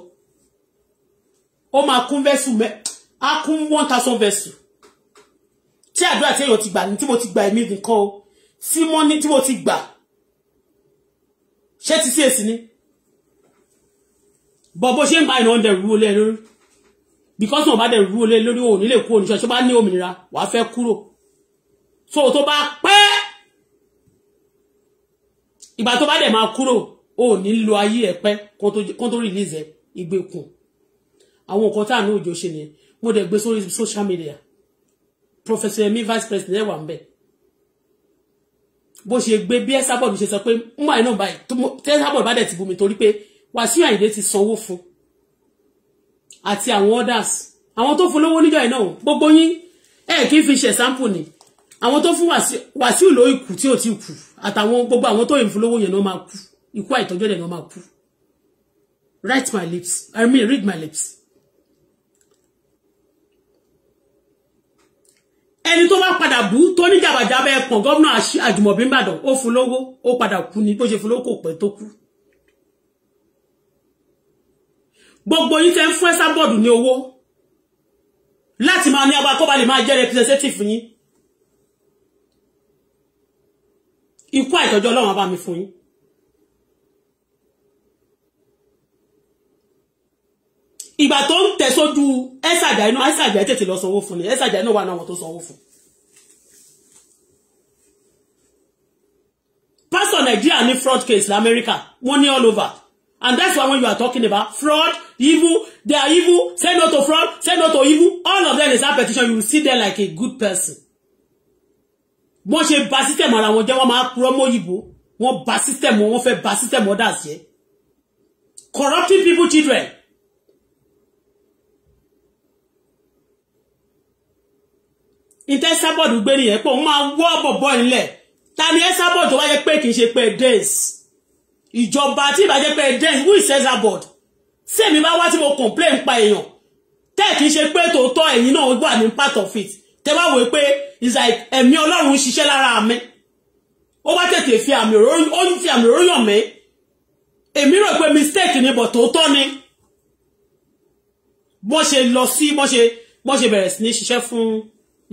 ó máa kún vẹ́sù mẹ́ á kún one thousand vẹ́sù tí àdúrà tí èèyàn ti gbà ní tí mo ti gbà èmi nìkan o tí wọ́n ní tí mo ti gbà ṣé ti sí èsì ni bọ̀ bó ṣe ń bá ìran dẹ̀ rúwọlé lórí because wọn bá dẹ̀ rúwọlé lórí òun nílé kúrò níṣọ́ ṣé bá ní òmìnira wàá fẹ́ kúrò so tó bá pẹ́ ìgbà tó bá dẹ̀ máa kúrò ó ní lo ayé ẹ̀ pẹ́ kó tó release ẹ̀ ìgbèkùn àwọn nǹkan tá à ní òjò ṣe mo de gbé sórí social media professor emi vice president e wà ń bẹ̀ bó ṣe gbé bí ẹ sábọ̀dù ṣe sọ pé mú àìná báyìí tẹ́ sábọ̀dù bá dẹ̀ ti bù mí torí pé Wàsíù Àyìndé ti sanwó fún àti àwọn others àwọn tó fún lówó níjọ́ ìnáwó gbogbo yín ẹ kì fi ṣe sample ni àwọn tó fún Wàsíù ló ikú tí ò ti kú àtàwọn gbogbo àwọn tó ìfúnlówó yẹn náà máa kú ikú àìtọ́jọ́ yẹn náà máa kú write my lips I mean read my lips. ẹni tó bá padà bú tó ní jàbàjábà ẹ̀pọ̀n gómìnà àjùmọ̀bí ìbàdàn ó fún lówó ó padà kú ni bó ṣe fún lówó kò pẹ́ tó kú. gbogbo yín tẹ́ ń fún ẹ́sà bọ́ọ̀dù ní owó láti máa ní agbákọ́ lè máa jẹ́ representative yín ikú àìtọ́jú ọlọ́run bá mi fún yín. ìgbà tó ń tẹ̀ sójú ẹ́sàjà inú ẹ́sàjà ẹ̀ tètè lọ sanwó fún ni ẹ́sàjà inú wà náà wọn tó sanwó fún. pásítọ̀ nàìjíríà ní fraud case lamẹ́ríkà wọ́n ní all over and that's why when you are talking about fraud evil they are evil say no to fraud say no to evil all of them is that petition you will see them like a good person wọ́n ṣe ba system ara wọn jẹ́ wọ́n máa purọ́ mọ́yìnbó wọ́n ba system wọ́n fẹ́ ba system others jẹ́ corrupting people children. ìtẹ́ sábọ̀dù gbé nìyẹn pọ̀ wọ́n máa wọ́ bọ̀bọ̀ nílẹ̀ ta ni ẹ sábọ̀dù wáyé pé kì í ṣe pé days ìjọba tí ìbàjẹ́ pé days who is sábọ̀dù sẹ́mi bá wá tí mo complain pa èèyàn tẹ́ẹ̀ kì í ṣe pé tòótọ́ ẹ̀yin náà wà ní part of it tẹ́ bá wò pé Is like ẹ̀mí ọlọ́run ṣiṣẹ́ lára mi ó wá tètè fi àmì òró fi àmì òró yàn mí èmi rò pé mistake ni but òótọ́ ni bọ́n ṣe lọ sí bọ́n ṣe bọ́n ṣe bẹ̀rẹ̀ sí ní ṣiṣẹ́ fún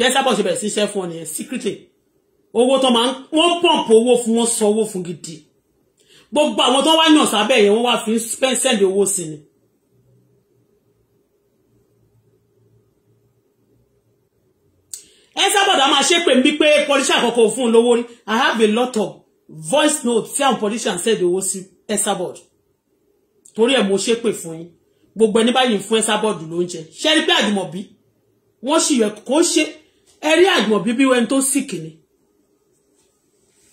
yẹ́sà bọ́n ṣe bẹ̀rẹ̀ sí ní ṣiṣẹ́ fún ọ nìyẹn secretly owó tó máa ń wọ́n pọ̀mpù owó fún wọn sọ owó fún gidi gbogbo àwọn tó wá yàn sábẹ́ yẹn wọ́n wá fi spend send owó sí ni ẹ sábàdà máa ṣe pé bí pé politician àkọ́kọ́ fún un lówó i have a lot of voice note tí àwọn politician send owó sí ẹ sábàdà torí ẹ̀ mo ṣe pé fún yín gbogbo ẹni báyìí fún ẹ sábàdà ló ń jẹ ṣe rí pé àdìmọ̀bí wọ́n sì yẹ kó ṣe ẹ rí àdìmọ̀bí bí ẹni tó sì kìíní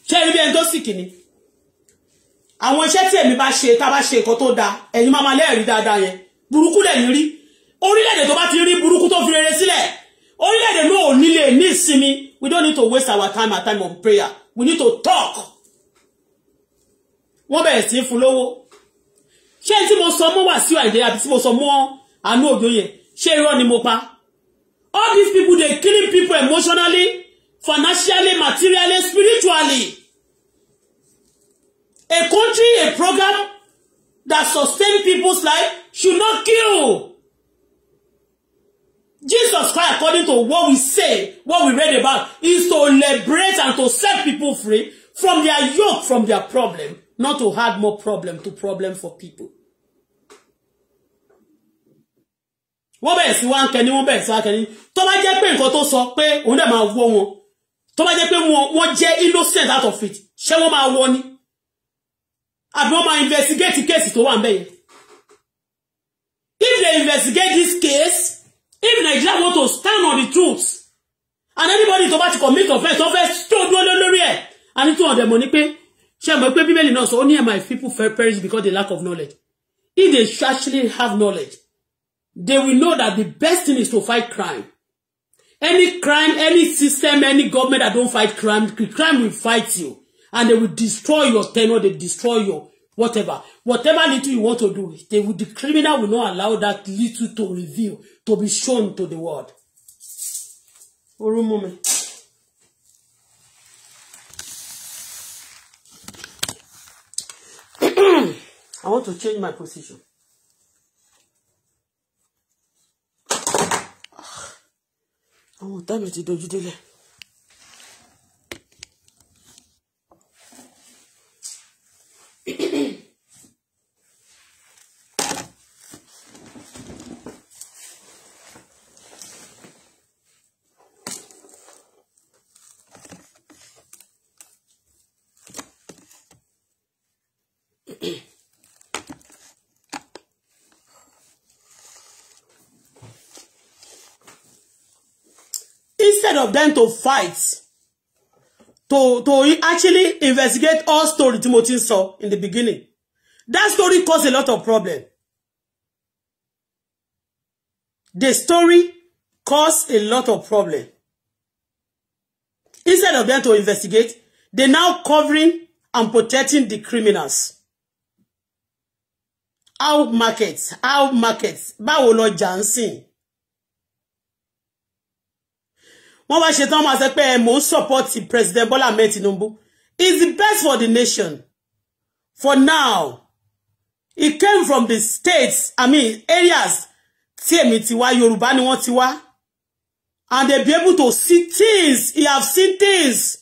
ṣe rí bí ẹni tó sì kìíní àwọn iṣẹ́ tí èmi bá ṣe tá a bá ṣe nǹkan tó dáa ẹ̀yin máa máa lẹ́ẹ̀rí dáadáa yẹn burúkú lẹ́yìn rí orílẹ̀-èdè tó bá ti rí burúkú tó fi rere sílẹ̀ orílẹ̀-èdè náà ò nílé ní ìsinmi we don't need to waste our time our time on prayer we need to talk wọ́n bẹ̀rẹ̀ sí fún lówó ṣé tí mo sọ mọ́ Wàsíù Àyìndé àbí tí mo sọ mọ́ Àánú Òjòyè ṣé irọ́ ni mo pa all these people dey killing people emotionally financially materially spiritually a country a program that sustain people's life should not kill. Jesus Christ, according to what we say, what we read about, is to liberate and to set people free from their yoke, from their problem, not to add more problem to problem for people. wọ́n bẹ̀rẹ̀ sí wá ń kẹni wọ́n bẹ̀rẹ̀ sí wá kẹni tó bá jẹ́ pé nǹkan tó sọ pé òun dẹ̀ máa wọ́ wọn tó bá jẹ́ pé wọ́n jẹ́ innocent out of it ṣé wọ́n máa wọ́ ni àbí wọ́n máa investigate case tó wà ń bẹ̀ if they investigate this case if Nigeria want to stand on the truth and anybody tó bá ti commit offence tó fẹ́ tó dúró lórí ẹ̀ a ní two hundred mọ̀ ni pé ṣe mọ̀ pé bíbélì náà sọ ó ní my people perish because they lack of knowledge if they actually have knowledge they will know that the best thing is to fight crime any crime any system any government that don't fight crime crime will fight you and they will destroy your tenure they destroy your whatever. Whatever little you want to do, they will, the criminal will not allow that little to reveal, to be shown to the world. For a moment. I want to change my position. Ah. Àwọn ọ̀tá mi ti dojú délẹ̀. instead of them to fight to to actually investigate all story tí mo in the beginning that story caused a lot of problem the story caused a lot of problem instead of them to investigate they now covering and protecting the criminals how markets, how markets, báwo lọ jà wọ́n wá ṣetán máa sọ pé ẹ mò ń support president Bola Ahmed is the best for the nation for now it came from the states i mean areas tí èmi ti wá Yorùbá ni wọ́n ti wá and they be able to see things he have seen things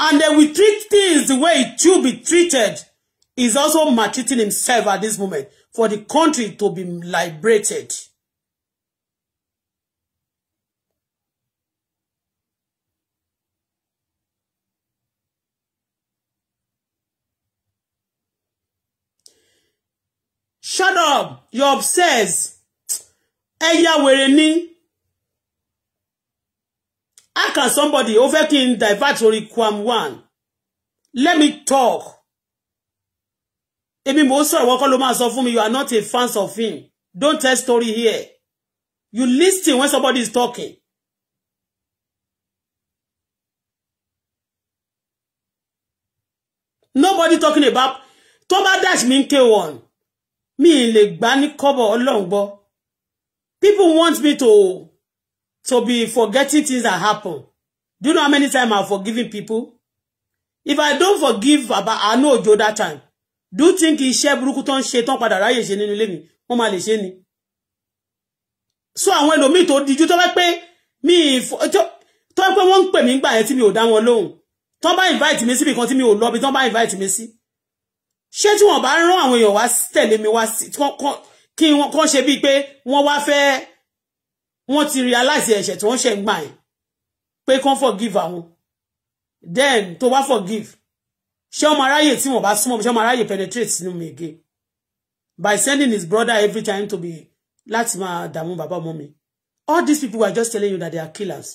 and they will treat things the way it should be treated is also maltreating himself at this moment for the country to be liberated. shut up you're obsessed ẹ ya wèrè ni how can somebody ó fẹ́ divert orí kwam one let me talk èmi mò ń sọ̀rọ̀ wọ́n ló máa sọ fún mi you are not a fan of him don't tell story here you listen when somebody is talking. nobody talking about tó bá dash mi ń ké one mi lè gbà ní kọ́bọ̀ Ọlọ́run gbọ́ people want me to to be forgetting things that happen do you know how many times I'm forgiving people if I don't forgive baba know òjò that time do you think iṣẹ́ burúkú tó ń ṣe tán padà ráyè ṣe nínú mi wọ́n máa lè ṣe ni so àwọn ẹlòmíì to dijú tó fẹ́ pé mi tó fẹ́ pé wọ́n ń pè mí gbà yẹn tí mi o dá wọn lóhùn tó bá invite mi síbi kan tí mi o lọ bí tó bá invite mi Si ṣé tí wọ́n bá rán àwọn èèyàn wá tẹ̀lé mi wá kí wọ́n kàn ṣe bíi pé wọ́n wá fẹ́ wọ́n ti realize ẹ̀ṣẹ̀ tí wọ́n ṣe ń gbà yẹn pé kàn forgive àwọn then tó bá forgive ṣé ọmọ aráyè tí wọ́n bá súnmọ́ ṣé ọmọ aráyè penetrate sínú mi again by sending his brother every time to be láti máa dààmú bàbá ọmọ mi all these people were just telling you that they are killers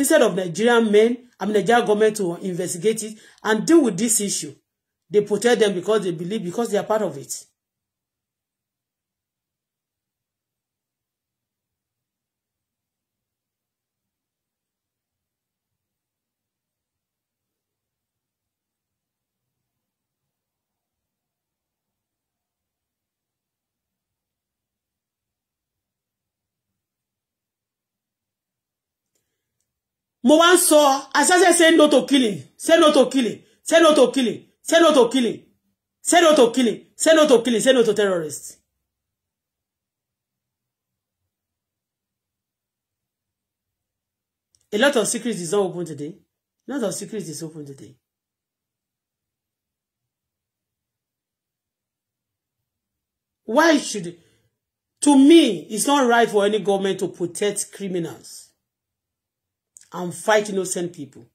instead of Nigerian men I mean Nigerian government to investigate it and deal with this issue They protect them because they believe, because they are part of it. mo wá ń sọ as I say say no to killing say no to killing say no to killing Say no to killing. Say no to killing. Say no to killing. Say no to terrorists. A lot of secrets is not open today. A lot of secrets is open today. Why should, to me, it's not right for any government to protect criminals and fight innocent people.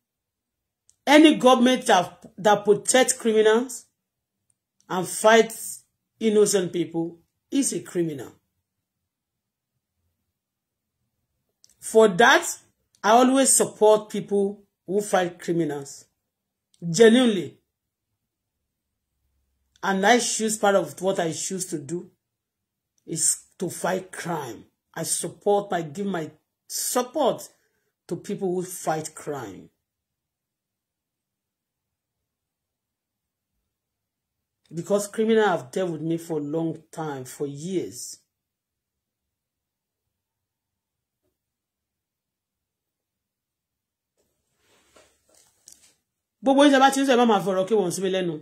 Any government that, that protects criminals and fights innocent people is a criminal. For that, I always support people who fight criminals. Genuinely. And I choose part of what I choose to do is to fight crime. I support, I give my support to people who fight crime. because criminal have dealt with me for a long time, for years. gbogbo oúnjẹ bá ti ń sọ ẹ má máa fọ̀rọ̀ kí wọn síbi lẹ́nu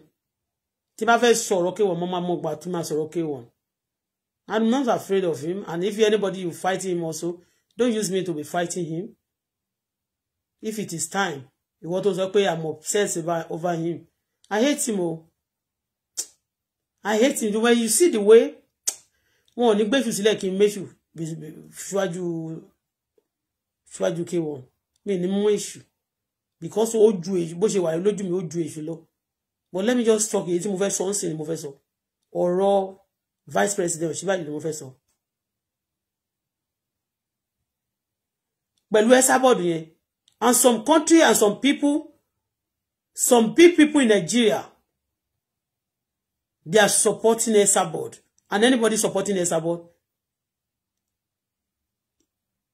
tí bá fẹ́ sọ̀rọ̀ kí wọn mo máa mọ gbà tí máa sọ̀rọ̀ kí wọn I'm not afraid of him and if anybody you fight him also don't use me to be fighting him if it is time ìwọ tó sọ pé I'm obsessed over him I hate him o. Oh. I hate him when you see the way you ò ní gbèsù sílẹ̀ kí n méṣù ṣíwájú ṣíwájú kéwọ mi ní mú èṣù because ó ju èṣù bó ṣe wà lójú mi ó ju èṣù lọ but let me just talk It's tí mo fẹ́ sọ so sìn ni mo vice president Ọ̀ṣínbàjò ni move so. But where's Esabod yẹn and some country and some people some big people in Nigeria They are supporting Esabod. And anybody supporting Esabod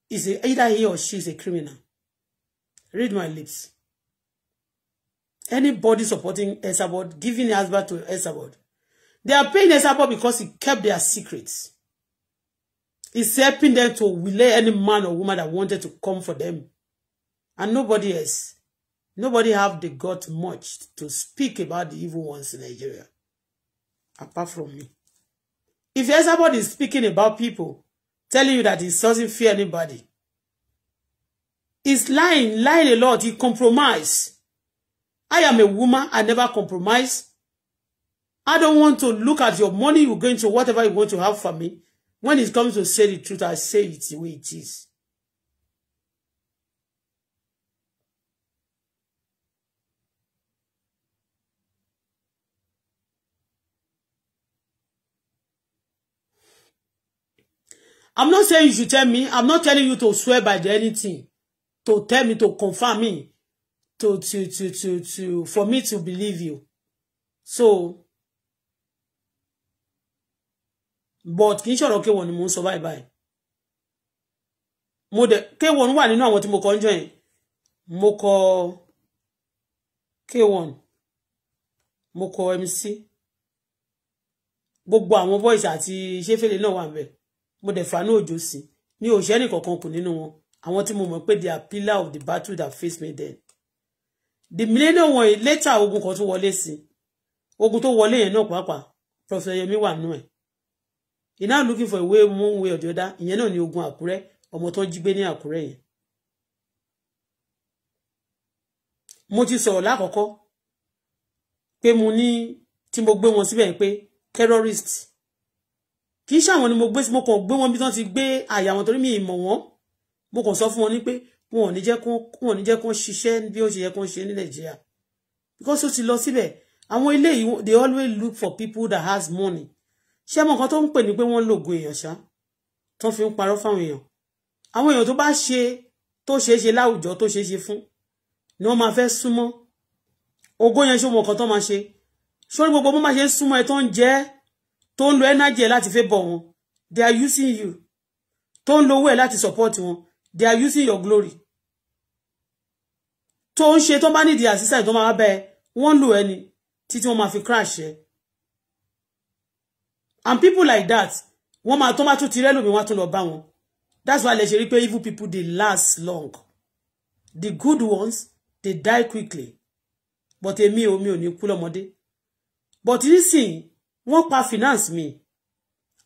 is a, either he or she is a criminal. Read my lips. Anybody supporting Esabod, giving his Esabod to Esabod, they are paying Esabod because he kept their secrets. He's helping them to relay any man or woman that wanted to come for them. And nobody else. Nobody have the gut much to speak about the evil ones in Nigeria apart from me. If somebody is speaking about people, telling you that he doesn't fear anybody, he's lying, lying a lot. He compromise. I am a woman. I never compromise. I don't want to look at your money. You're going to whatever you want to have for me. When it comes to say the truth, I say it the way it is. I'm not saying you should tell me. I'm not telling you to swear by anything. To tell me, to confirm me. To, to, to, to, to, for me to believe you. So, but kì í okay? One ni mò ń sọ báyìí báyìí. Mo dẹ̀ kéwọ̀n wà nínú àwọn tí mo kọ́ K1, yẹn. Mo kọ kéwọ̀n. Mo kọ MC. Gbogbo àwọn voice àti ṣéfèlè náà wà ń bẹ̀ mo dẹ̀ fanú òjò sí mi ò ṣẹ́ nìkankan kù nínú wọn àwọn tí mo mọ̀ pé they pillar of the battle that face me then the millennium wọ̀nyí later ogun kan tó wọlé sí ogun tó wọlé yẹn náà pàápàá Professor Yemi wà nù ẹ̀ he now looking for a way one way or the other ìyẹn náà ni ogun Àkúrẹ́ ọmọ tó ń jí gbé ní Àkúrẹ́ yẹn mo ti sọ̀rọ̀ lákọ̀ọ́kọ́ pé mo ní tí mo gbé wọn síbẹ̀ pé terrorist kì í ṣàwọn ni mo gbé mo kàn gbé wọn bí wọ́n ti gbé àyà wọn torí mi ìmọ̀ wọn mo kàn sọ fún wọn ní pé wọn ò ní jẹ́ kán wọn ò ní jẹ́ kán ṣiṣẹ́ bí ó ṣe yẹ kán ṣe ní nàìjíríà because ó ti lọ síbẹ̀ àwọn ilé yìí they always look for people that has money ṣé mọ̀ nǹkan tó ń pè ní pé wọ́n lògo èèyàn ṣá tó fi ń parọ́ fáwọn èèyàn àwọn èèyàn tó bá ṣe tó ṣeé ṣe láwùjọ tó ṣeé ṣe fún ni wọ́n máa fẹ́ súnmọ́ ògo yẹn ṣé mọ̀ nǹkan tó máa ṣe sórí gbogbo bó máa ṣe súnmọ́ ẹ tó ń jẹ́ tó ń lo energy ẹ láti favour wọn they are using you tó ń lo owó ẹ láti support wọn they are using your glory tó ń ṣe tó bá nídìí àṣìṣe tó máa bẹ wọ́n lò ẹni títí wọ́n máa fi crash ẹ and people like that wọ́n máa tó máa tún ti rẹ́lòmí wọ́n á tún lọ bá wọn that's why lè ṣe rí pé evil people dey last long the good ones dey die quickly but èmi ò mi ò ní kú lọ́mọdé but nísìnyí wọ́n pa finance mi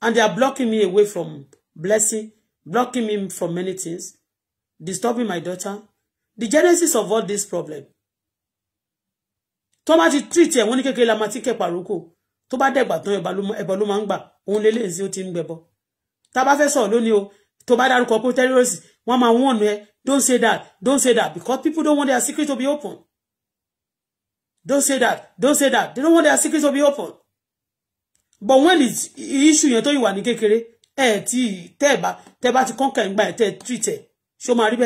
and they are blocking me away from blessing blocking me from many things disturbing my daughter the genesis of all this problem tó bá ti treat ẹ̀ wọ́n ní kékeré la máa ti kẹ́ pàrókò tó bá dẹ̀gbà tán ẹ̀bọ ló máa ń gbà òun lélẹ́yìn sí ó ti ń gbẹ̀bọ tá a bá fẹ́ sọ̀rọ̀ lónìí o tó bá dárúkọ pé terrorist wọ́n máa wọ̀n ẹ don't say that don't say that because people don't want their secret to be open don't say that don't say that they don't want their secret to be open but when it's issue yẹn tó yìí wà ní kékeré ẹ ti tẹ bá tẹ bá ti kọ́ńkà ìgbà ẹ tẹ treat ẹ ṣé o máa rí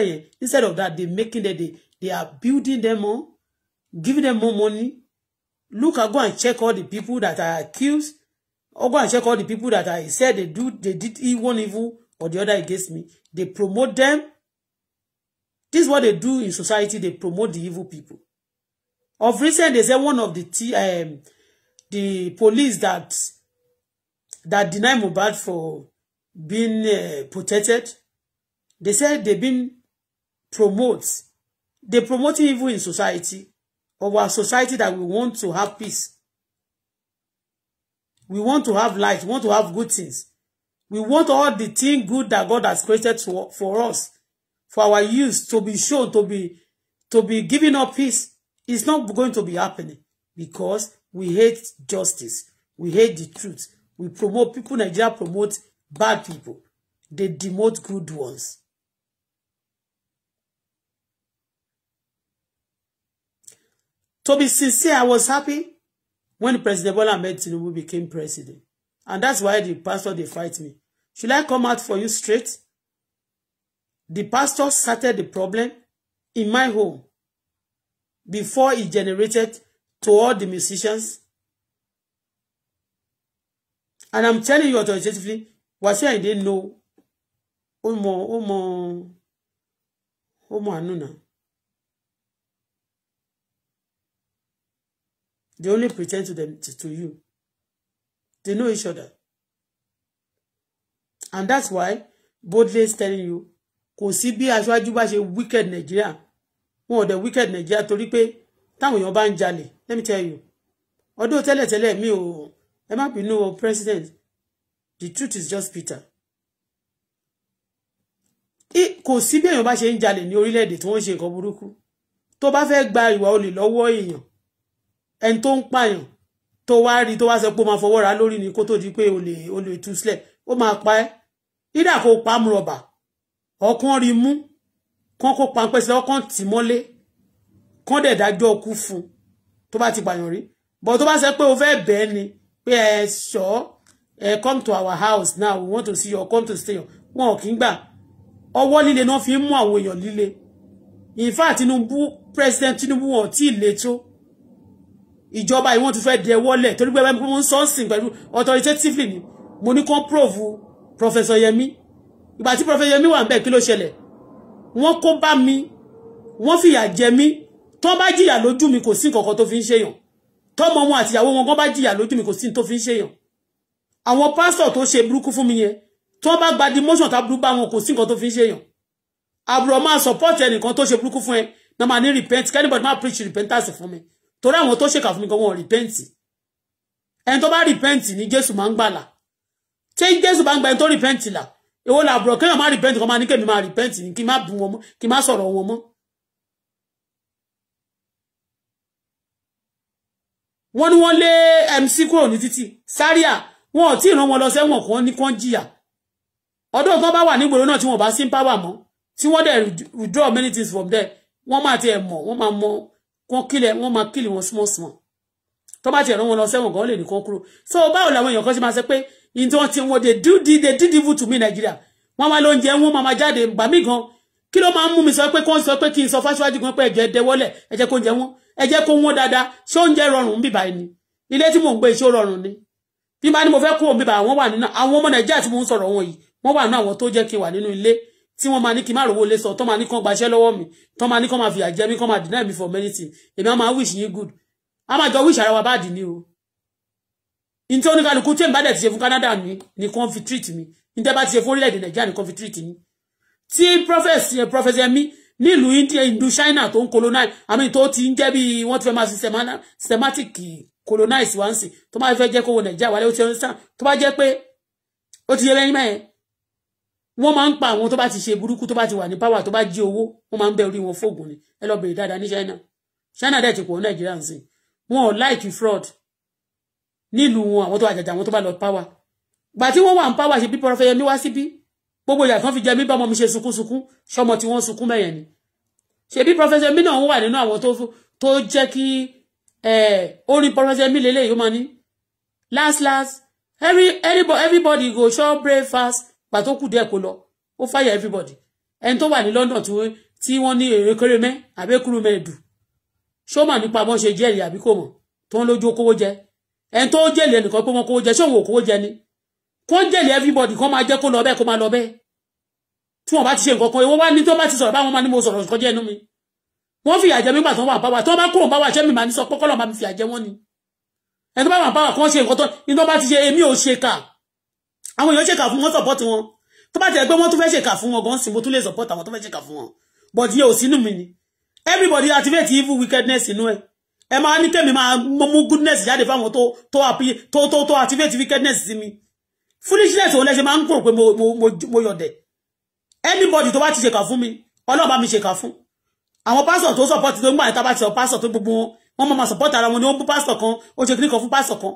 instead of that they making that they they are building them up giving them more money look I go and check all the people that are accused or go and check all the people that are said they do they did one evil or the other against me they promote them this is what they do in society they promote the evil people of recent they say one of the t um, the police that that deny Mohbad for being uh, protected. They said they've been promotes. They promoting evil in society. Our society that we want to have peace. We want to have light. We want to have good things. We want all the thing good that God has created to, for us, for our use, to be shown, to be, to be giving up peace. It's not going to be happening because we hate justice. We hate the truth. We promote people, Nigeria promote bad people. They demote good ones. To be sincere, I was happy when President Bola Ahmed Tinubu became president. And that's why the pastor, they fight me. Should I come out for you straight? The pastor started the problem in my home before he generated to all the musicians and i'm telling you authoritatively Wasiu Ayinde know ó mọ ó Omo, Omo, mọ àánú they only pretend to them to, to you they know each other and that's why boldly telling you kò sí bí aṣáájú bá ṣe wicked Nigeria one of the wicked Nigeria torí pé táwọn èèyàn bá ń let me tell you ọdún tẹ́lẹ̀tẹ́lẹ̀ mi ò ẹ má bínú president the truth is just Peter kò sí bí èèyàn bá ṣe ń jalè ní orílẹ̀-èdè tí wọ́n ṣe nǹkan burúkú tó bá gba ìwà olè lọ́wọ́ èèyàn ẹni tó ń pààyàn tó wá rí tó wá sọ pé ó máa fọwọ́ ra lórí ni kó tó di pé olè olè tú sílẹ̀ ó máa pa ẹ́ ìdá kó pa mú rọ̀bà ọkàn rí mú kán kó pa pẹ́sẹ́ ọkàn tì mọ́lé kán dẹ̀ dájọ́ ọkú fún tó bá ti pààyàn rí bọ́ tó bá sọ pé o fẹ́ bẹ́ẹ̀ ni pé ẹ ṣọ́ ẹ come to our house now we want to see you come to stay wọn ò kí ń gbà ọwọ́ líle náà fi ń mú àwọn èèyàn líle in fact Tinubu president Tinubu wọn tí ì le tó ìjọba ìwọ̀n ti fẹ́ dẹwọ́lẹ̀ torí pé mo ń sọ́ọ̀sìn pẹ̀lú authoritatively ni mo ní kán prove professor Yemi ìgbà tí professor Yemi wà ń bẹ̀ kí ló ṣẹlẹ̀ wọ́n kó bá mi wọ́n fìyà jẹ mí tó bá jìyà lójú mi kò sí nǹkan kan tó fi ń ṣèyàn tọ́mọ wọn àti ìyàwó wọn gan bá jìyà lójú mi kò sí tó fi ń ṣèyàn àwọn pásítọ̀ tó ṣe burúkú fún mi yẹn tí wọ́n bá gba demotion táburú bá wọn kò sí nǹkan tó fi ń ṣèyàn àbúrò máa support ẹnìkan tó ṣe burúkú fún ẹ náà máa ní repent kẹ́nìbọ̀dì máa preach repentance fún mi torí àwọn tó ṣèkà fún mi gan wọn repent ẹni tó bá repent ni Jésù máa ń gbàlà tí Jésù bá ń gba ẹni tó repent là èwo làbúrò kéèyàn má repent kó máa ní kéèmí má repent ni kí má bú wọn mọ́ kí má sọ̀rọ̀ wọn mọ́ wọ́n ní wọ́n lé MC kúrò ní títì sáríà wọn ò tí ì rán wọn lọ sẹ́wọ̀n kan ní kán jìyà ọdún kan bá wà nígboro náà tí wọ́n bá sí ń power mọ́ tí wọ́n dẹ̀ withdraw many things from there wọ́n máa tiẹ̀ mọ̀ wọ́n máa mọ wọ́n kílẹ̀ wọ́n máa kílì wọn small small tó bá tiẹ̀ rán wọn lọ sẹ́wọ̀n kan ó lè nìkan kúrò so báwo làwọn èèyàn kan ṣe máa ṣe pé in tí wọ́n ti wọ́n dey do the dey do the evil to me Nigeria wọ́n máa lọ oúnjẹ wọ́n máa máa jáde gbàmí gan kí ló máa ń mú mi sọ pé kó ń sọ pé kí n sọ fásiwájú gan pé ẹ̀jẹ̀ dẹwọ́lẹ̀ ẹ̀jẹ̀ kó ń jẹ ẹ jẹ́ kó wọ́n dáadáa ṣé oúnjẹ rọrùn ń bìbà ni ilé tí mò ń gbé ṣé ó rọrùn ni bí bá ní mo fẹ́ kúrò bíbà àwọn wà nínú àwọn ọmọ nàìjíríà tí mo ń sọ̀rọ̀ wọn yìí wọ́n wà nínú àwọn tó jẹ́ kí wà nínú ilé tí wọ́n máa ní kí n má rówó lé sọ tó máa ní kán gbaṣẹ́ lọ́wọ́ mi tó máa ní kán máa fìyà jẹ mí kán máa deny me for many things èmi á máa wish yín good á máa jọ wish ara wa báàdì ni o ní tí oníkálukú tí èmi bá dẹ̀ ti ṣe fún Canada mi ni kán fi treat mi ní tẹ́ bá ti ṣe fún orílẹ̀-èdè nàìjíríà ni kán fi treat mi tí prophet yẹn prophet yẹn mi nílùú India ìlú China tó ń colonize àmì tó ti ń jẹ́ bí wọ́n ti fẹ́ máa systematic colonize wá ń sìn tó máa fẹ́ jẹ́ kó wọ Nàìjíríà wálé ó ti understand tó bá jẹ́ pé ó ti yẹ lẹ́yìn mẹ́rin wọ́n máa ń pa àwọn tó bá ti ṣe burúkú tó bá ti wà ní power tó bá jí owó wọ́n máa ń bẹ orí wọn fóògùn ni ẹ lọ bèrè dáadáa ní China China dẹ̀ ti pọ̀ Nàìjíríà ń sìn wọn ò láìkì fraud nílùú wọn àwọn tó àjàjà àwọn tó bá lọ power gbà tí wọ́n wà ń power ṣe bí pọ́nfẹ́yẹmí wá síbí gbogbo ìyà kan fi jẹ mí bá ọmọ mi ṣe sunkúnsunkún ṣọmọ tí wọ́n sunkún mẹ́yẹn ni ṣebí prọfẹsẹ mi náà wà nínú àwọn tó jẹ́ kí orin prọfẹsẹ mi lélẹ̀ yìí ó máa ní last last every everybody everybody go Show breakfast pàtó kù díẹ̀ kó lọ ó fàyà everybody ẹni tó wà ní London tí wọ́n ní èrè kéré mẹ́ àbẹ́kúrú mẹ́ẹ̀dù ṣó mà nípa bọ́n ṣe jẹ́rìí àbí kò mọ̀ tó ń lójú okòwò jẹ ẹni tó jẹ́lẹ̀ nìkan pé wọ́n kówó jẹ ṣé òun ò kówó jẹ ni kó jẹ́lẹ̀ everybody kó máa jẹ́ kó lọ bẹ́ẹ̀ kó máa lọ bẹ́ẹ̀ tí wọ́n bá ti ṣe nǹkan kan ìwọ wá ní tó bá ti sọ̀rọ̀ báwọn máa ní mo sọ̀rọ̀ kọjá ẹnu mi wọ́n fìyà jẹ mí gbà tó wà bá wa tó bá kúrò bá wa ṣẹ́ mi máa ní sọ pọ́kọ́lọ́ máa fìyà jẹ wọ́n ni ẹni tó bá wà bá wa kàn ṣe nǹkan tó ní tó bá ti ṣe èmi ò ṣe kà àwọn èèyàn ṣe kà fún wọn sọ̀pọ̀tì wọn tó bá tẹ̀ pé wọ́n tún fẹ́ ṣe kà fún wọn gan sí mo tún lè sọ̀pọ̀tì àwọn tó fẹ́ ṣe kà fún wọn but yẹ ò sínú mi ni everybody activate evil wickedness inú ẹ ẹ máa ní kẹ́mi máa mú goodness jáde fáwọn tó tó tó activate wickedness sí mi foolishness òun lẹ́sẹ̀ máa ń kúrò pé mo yọ̀dẹ̀ anybody to bá ti ṣèkà fún mi ọlọ́ọ̀bá mi ṣèkà fún àwọn pásítọ̀ tó support tó ń gbà níta bá ti sọ pásítọ̀ tó gbogbo wọn wọn máa support ara wọn ni ó bú pásítọ̀ kan ó ṣe kíníkan fún pásítọ̀ kan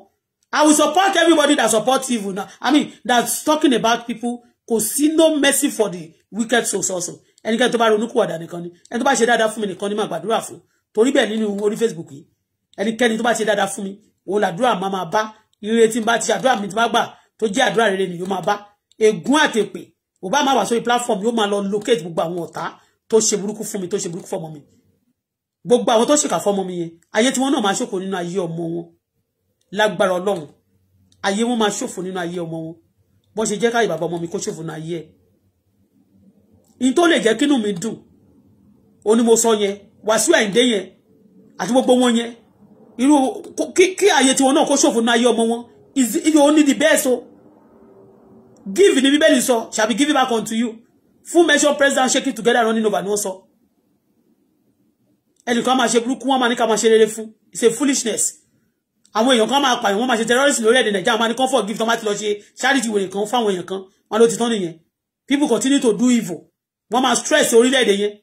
I will support everybody that support you now I mean that's talking about people kò sí no mercy for the wicked souls also ẹnikẹ́ni tó bá ronúkúwàdà nìkan ni ẹni tó bá ṣe dáadáa fún mi nìkan ni màá gbàdúrà fún torí bẹ́ẹ̀ nínú orí Facebook yìí ẹnikẹ́ni tó bá ṣe dáadáa fún mi òun làdúrà máa máa bá ire tí n bá ti ṣàdúrà mi tí n bá gbà tó jẹ́ àdúrà rere nìyó máa bá ègún àtèpè ò bá máa platform yóò máa lọ locate gbogbo àwọn ọ̀tá tó ṣe burúkú fún mi tó ṣe burúkú fọmọ mi gbogbo àwọn tó ṣèkà fọmọ mi yẹn ayé tí wọn náà máa ṣòfò nínú ayé ọmọ wọn lágbára Ọlọ́run ayé wọn máa ṣòfò nínú ayé ọmọ wọn bó ṣe jẹ́ káyè bàbá ọmọ mi kó ṣòfò nínú ayé ẹ̀ in tó lè jẹ́ kínú mi dùn ó ní mo sọ yẹn Wàsíù Àyìndé yẹn àti gbogbo wọn yẹn irú kí ayé tí wọn náà kó ṣòfò nínú ayé ọmọ wọn ìyó ní the best o. So give ni bíbélì sọ shall be given back unto you full measure press down shake together running over ni wọ́n sọ ẹnìkan máa ṣe burúkú man. máa ní ká máa ṣe rere fún it's a foolishness And àwọn èèyàn kan máa pààyàn wọ́n máa in the lórí èdè nàìjíríà máa ní kan forgive tán bá ti lọ ṣe charity wèrè kan fáwọn èèyàn kan wọn ló ti tán nìyẹn people continue to do evil One man stress orílẹ̀-èdè yẹn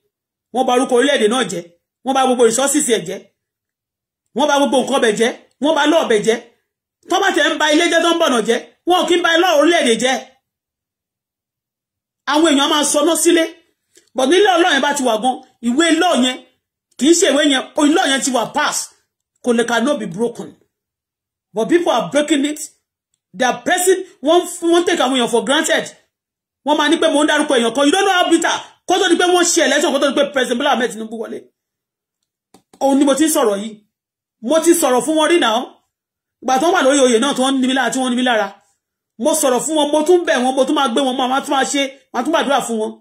wọ́n bà orúkọ orílẹ̀-èdè náà jẹ́ wọ́n bà gbogbo resources ẹ̀ jẹ́ wọ́n bà gbogbo nǹkan ọbẹ̀ jẹ́ wọ́n bà lọ́ọ̀bẹ̀ jẹ́ tọ́ bá tẹ̀ ń bà ilé jẹ́ tó ń bọ̀nà jẹ́ wọn ò kí ń bà lọ́ọ̀ orílẹ̀-èdè jẹ́ àwọn èèyàn máa sọ náà sílé but nílé ọlọ́run yẹn bá ti wà gan ìwé law yẹn kì í ṣe ìwé yẹn law yẹn ti wà pass kò lè cannot be broken but people are breaking it their person wọ́n wọ́n take àwọn èèyàn for granted wọ́n máa ní pé mò ń dárúkọ èèyàn kan you don't know how bitter kó tó di pé wọ́n ṣe election kó tó di pé president Bola Ahmed Tinubu wọlé òun ni mo ti ń sọ̀rọ̀ yìí mo ti sọ̀rọ̀ fún wọn rí náà gbà tó wà lórí oyè náà tó ń ní mi lára tí wọ́n ní mi lára mo sọ̀rọ̀ fún wọn mo tún bẹ̀ wọn mo tún máa gbé wọn mọ́ àwọn tún máa ṣe wọn tún gbàdúrà fún wọn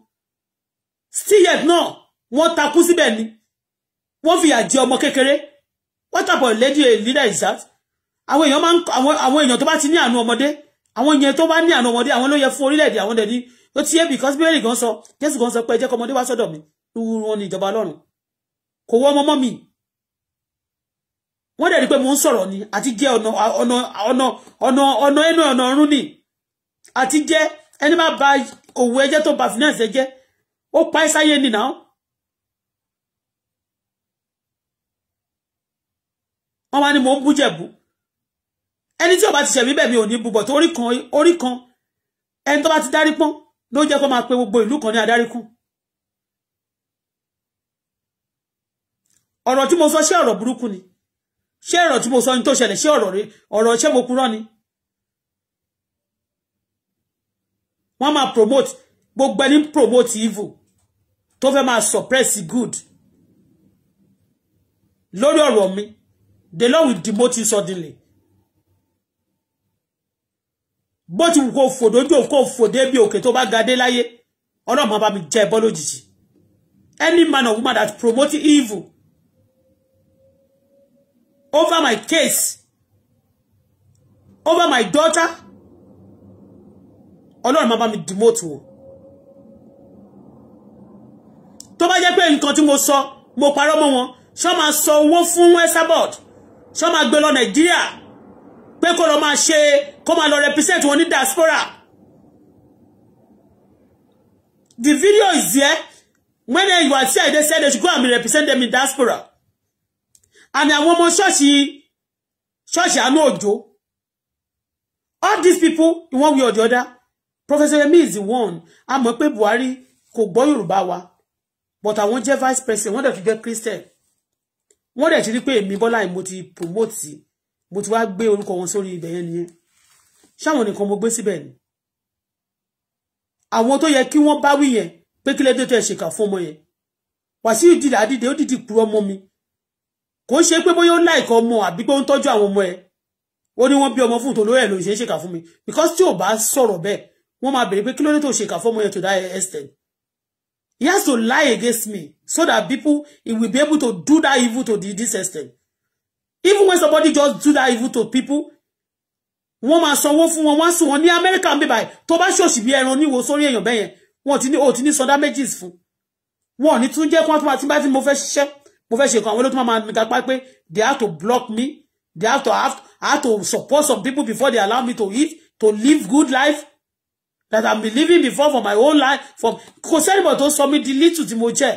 still yet náà wọ́n takú síbẹ̀ ni wọ́n fìyà jẹ ọmọ kékeré what type of lady leader is that àwọn èèyàn máa ń àwọn àwọn èèyàn tó bá ti ní àánú ọmọdé àwọn èèyàn tó bá ní àánú ọmọdé àwọn ló yẹ fún orílẹ̀-èdè àwọn dẹ̀ni ó ti yẹ because bíbélì gan sọ jésù gan sọ pé ẹ jẹ́ kọ́ ọmọdé wá sọ́dọ̀ mi irú wọn ni ìjọba ọlọ́run kò wọ́ ọmọ mọ́ mi wọ́n dẹ̀ rí pé mo ń sọ̀rọ̀ ni àti jẹ́ ọ̀nà ọ̀nà ọ̀nà ọ̀nà ọ̀nà ẹnu ọ̀nà ọ̀run ni àti jẹ́ ẹni máa ba òwò ẹjẹ́ tó ba finance ẹjẹ́ ó pa ẹ́ sáyé nìyà. wọ́n wá ní mo ń bú jẹ̀bú ẹni tí ó bá ti ṣẹ̀mí bẹ̀mí ò ní bubọ̀ tó orí kan orí kan ẹni tó bá ti dárí pọ́n ló jẹ́ kó máa pe gbogbo ìlú kan ní adarí kún. ọ̀rọ̀ tí mo sọ ṣé ọ̀rọ̀ burúkú ni ṣé ọ̀rọ̀ tí mo sọ ní tó ṣẹlẹ̀ ṣé ọ̀rọ̀ rẹ ọ̀rọ̀ ṣé mo purọ́ ni wọ́n máa promote gbogbo ẹni promote evil tó fẹ́ máa suppress good lórí ọ̀rọ̀ mi the Lord will demote you suddenly bó ti wù kó fò dójú kó fò dé bí òkè tó bá ga dé láyé ọlọ́mọ mi jẹ́ ẹbọ lójijì any man or woman that promote evil over my case over my daughter ọlọ́run máa bá mi demote wọn tó bá jẹ́ pé nǹkan tí mo sọ mo parọ́ mọ́ wọn ṣọ́ máa sọ owó fún Esabod ṣọ́ máa gbé lọ nàìjíríà pé kó lọ máa ṣe kó máa lọ represent wọn ní diaspora the video is there when they were there they said they should go and be represent them in diaspora and àwọn ọmọ ṣọ́ọ̀ṣì ṣọ́ọ̀ṣì àánú òjò all these people in one way or the other Professor Yemi is the one a mọ̀ pé Buhari kò gbọ́ Yorùbá wa but àwọn jẹ́ vice president wọ́n dẹ̀ tún jẹ́ Christian wọ́n dẹ̀ ti rí pé èmi Bọ́lá yìí mo ti promote mo ti wá gbé orúkọ wọn sórí ibẹ̀ yẹn nìyẹn ṣáwọn nìkan mo gbé síbẹ̀ ni àwọn tó yẹ kí wọ́n bá wí yẹn pé kílẹ̀ tó tẹ̀ ṣèkà fún ọmọ yẹn Wàsíù dìde àdìde ó dìde kúrò ọmọ mi kò ń ṣe pé bóyá ó láìka ọmọ àbí pé ó ń tọ́jú àwọn ọmọ ẹ ó ní wọ́n bí ọmọ fún ìtòlóyè ló ń ṣe é ṣèkà fún mi because tí ò bá sọ̀rọ̀ bẹ́ẹ̀ wọ́n máa bèrè pé kí ló dé tó ṣèkà fún ọmọ yẹn to that extent he has to lie against me so that people he will be able to do that evil to this extent even when somebody just do that evil to people wọ́n máa sanwó fún wọn wọ́n sùn wọn ní amẹ́ríkà ń bíbà ẹ̀ tó bá ṣòṣì bí ẹran níwò sórí èèyàn bẹ́yẹn wọn ò ti ní sọdá méjì fún wọn ò ní tún jẹ́ kó wọn tó bá ti mo fẹ́ ṣiṣẹ́ mo fẹ́ ṣe nǹkan àwọn olóòtú máa ga pa pé they have to block me they have to have, have to support some people before they allow me to eat to live good life that I'm living before for my own life for kò sẹ́nìbọ̀ tó sọ mí di little tí mo jẹ́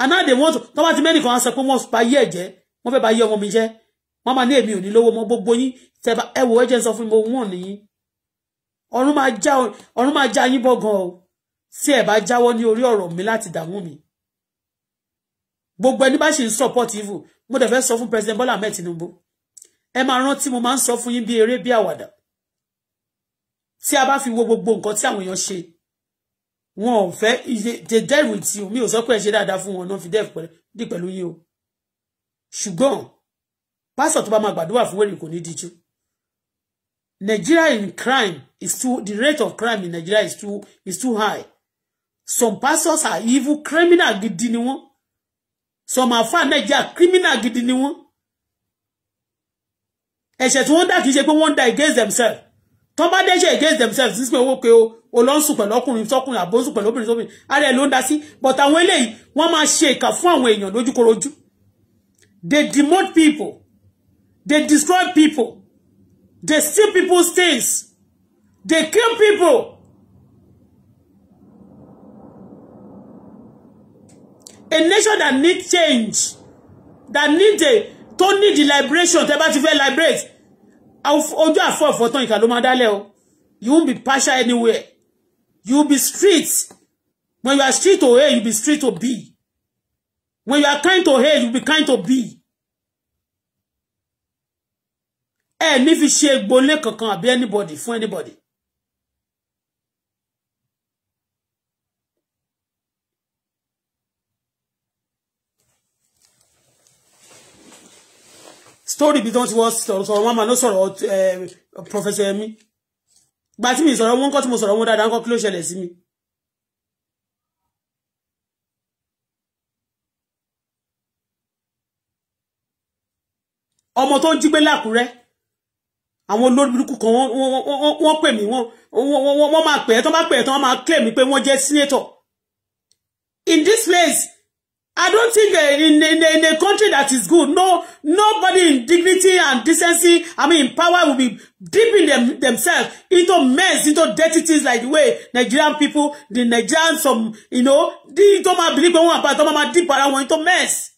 and now they want to tọ́ bá ti mẹ́rin kan sọ pé wọ́n ba yé ẹ̀jẹ̀ wọ́n fẹ́ ba yé ọmọ mi jẹ́ wọ́n máa ní èmi ò ní lówó mọ́ gbogbo yín tẹ́ bá ẹ wò ẹ jẹ́ ń sọ fún mi mo wọ̀n nìyí ọ̀run máa já yín bọ̀ gan o tí ẹ bá jáwọ́ ní orí ọ̀rọ̀ mi láti dààmú mi gbogbo ẹni bá ṣì ń support evil mo dẹ̀ fẹ́ sọ fún president Bọ́lá Ahmed Tinubu ẹ máa rántí mo máa ń sọ fún yín bí eré bí àwàdà tí a bá fi wo gbogbo nǹkan tí àwọn èèyàn ṣe wọn ò fẹ́ they deal with you mi ò sọ pé ẹ ṣe dáadáa fún wọn náà fi dẹ́ẹ̀ pẹ̀lú dì pẹ̀lú yín o ṣùgbọ́n pásọ̀ tó bá máa gbàdúrà fún wẹ́rì kò ní díjú Nigeria in crime is too the rate of crime in Nigeria is too is too high some pastors are evil criminal gidi ni wọ́n sọmọ àfáà nàìjíríà criminal gidi ni wọ́n ẹ̀ṣẹ̀ tí wọ́n dá kì í ṣe pé wọ́n dá against themselves tó bá dẹ́ṣẹ̀ against themselves sí pé owó pé o lọ ń sùn pẹ̀lú ọkùnrin sọkùnrin àbò ń sùn pẹ̀lú obìnrin sóbìnrin ara ẹ̀ ló ń dá sí but àwọn eléyìí wọ́n máa ṣe ìkà fún they demote people they destroy people they steal people's things they kill people a nation that need change that need a tó need the liberation tẹ́ bá ti fẹ́ liberate ojú àfọ ìfọ̀tán ìkà ló máa dálẹ̀ o you won't be partial anywhere you will be street when you are street to A you be street to B when you are kind to A you be kind to B. Eh, ni fi ṣe gbolé kankan àbí anybody for anybody story bí tán ti wọ́n sọ̀rọ̀ sọ̀rọ̀ wọn máa ló sọ̀rọ̀ eh, professor Yẹmí gba tí mi sọ̀rọ̀ wọn kọ́ tí mo sọ̀rọ̀ wọn dáadáa ńkọ́ kí ló ṣẹlẹ̀ sí mi. ọmọ tó ń jí gbé lákùrẹ́ àwọn olóbìrúkú kan wọ́n pè mí wọ́n máa pè é tán máa pè é tán máa claim pé wọ́n jẹ́ senator in this place I don't think uh, in, in, in a country that is good, no, nobody in dignity and decency, I mean, power will be dipping them, themselves into mess, into dirty things like the way Nigerian people, the Nigerians, some, you know, they don't believe one about them, deep around into mess.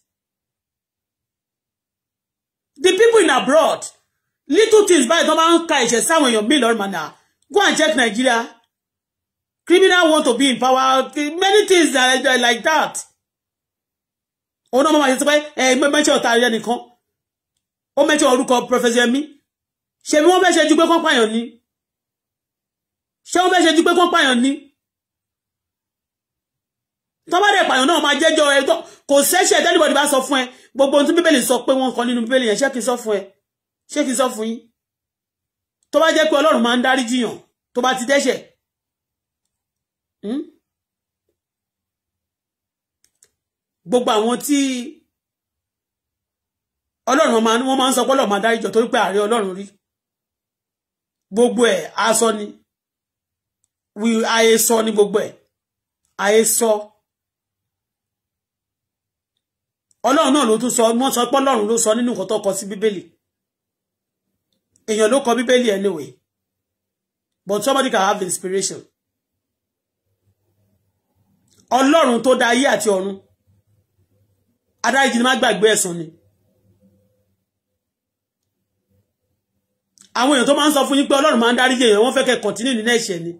The people in abroad, little things by don't man catch someone your million man. Go and check Nigeria. Criminal want to be in power. Many things like, uh, like that òun náà máa ṣe ti pé ẹgbẹ́ mẹ́tẹ́ ọ̀tá rẹ nìkan ó mẹ́tẹ́ orúkọ Professor Yemi ṣe bí wọ́n fẹ́ ṣe ju pé kán pààyàn ni ṣé wọ́n fẹ́ ṣe ju pé kán pààyàn ni tọ́bàdẹ̀ pààyàn náà máa jẹ́jọ́ ẹ kò sẹ́ṣẹ̀ tẹ́lifọ̀dì bá sọ fún ẹ gbogbo ohun tí bíbélì sọ pé wọ́n kọ nínú bíbélì yẹn ṣé kí n sọ fún ẹ ṣé kí n sọ fún yín tó bá jẹ́ pé ọlọ́run máa ń dárí jiyàn tó bá ti dẹ́ṣẹ̀ hmm? gbogbo àwọn tí ọlọ́run máa wọ́n máa ń sọ pé ọlọ́run máa dárí jọ torí pé ààrẹ ọlọ́run rí gbogbo ẹ̀ aṣọ ni àhesọ ni gbogbo ẹ̀ àhesọ ọlọ́run náà ló tún sọ wọ́n sọ pé ọlọ́run ló sọ nínú nǹkan tó kọ sí bíbélì èèyàn ló kọ bíbélì anyway but somebody can have inspiration ọlọ́run tó dá ayé àti ọ̀run adáríjì ni má gbàgbé ẹ̀san ni àwọn èèyàn tó máa ń sọ fún yín pé ọlọ́run máa ń dáríjì èèyàn wọ́n fẹ́ kẹ́ kọ̀tínú nínú ẹ̀ṣẹ̀ ni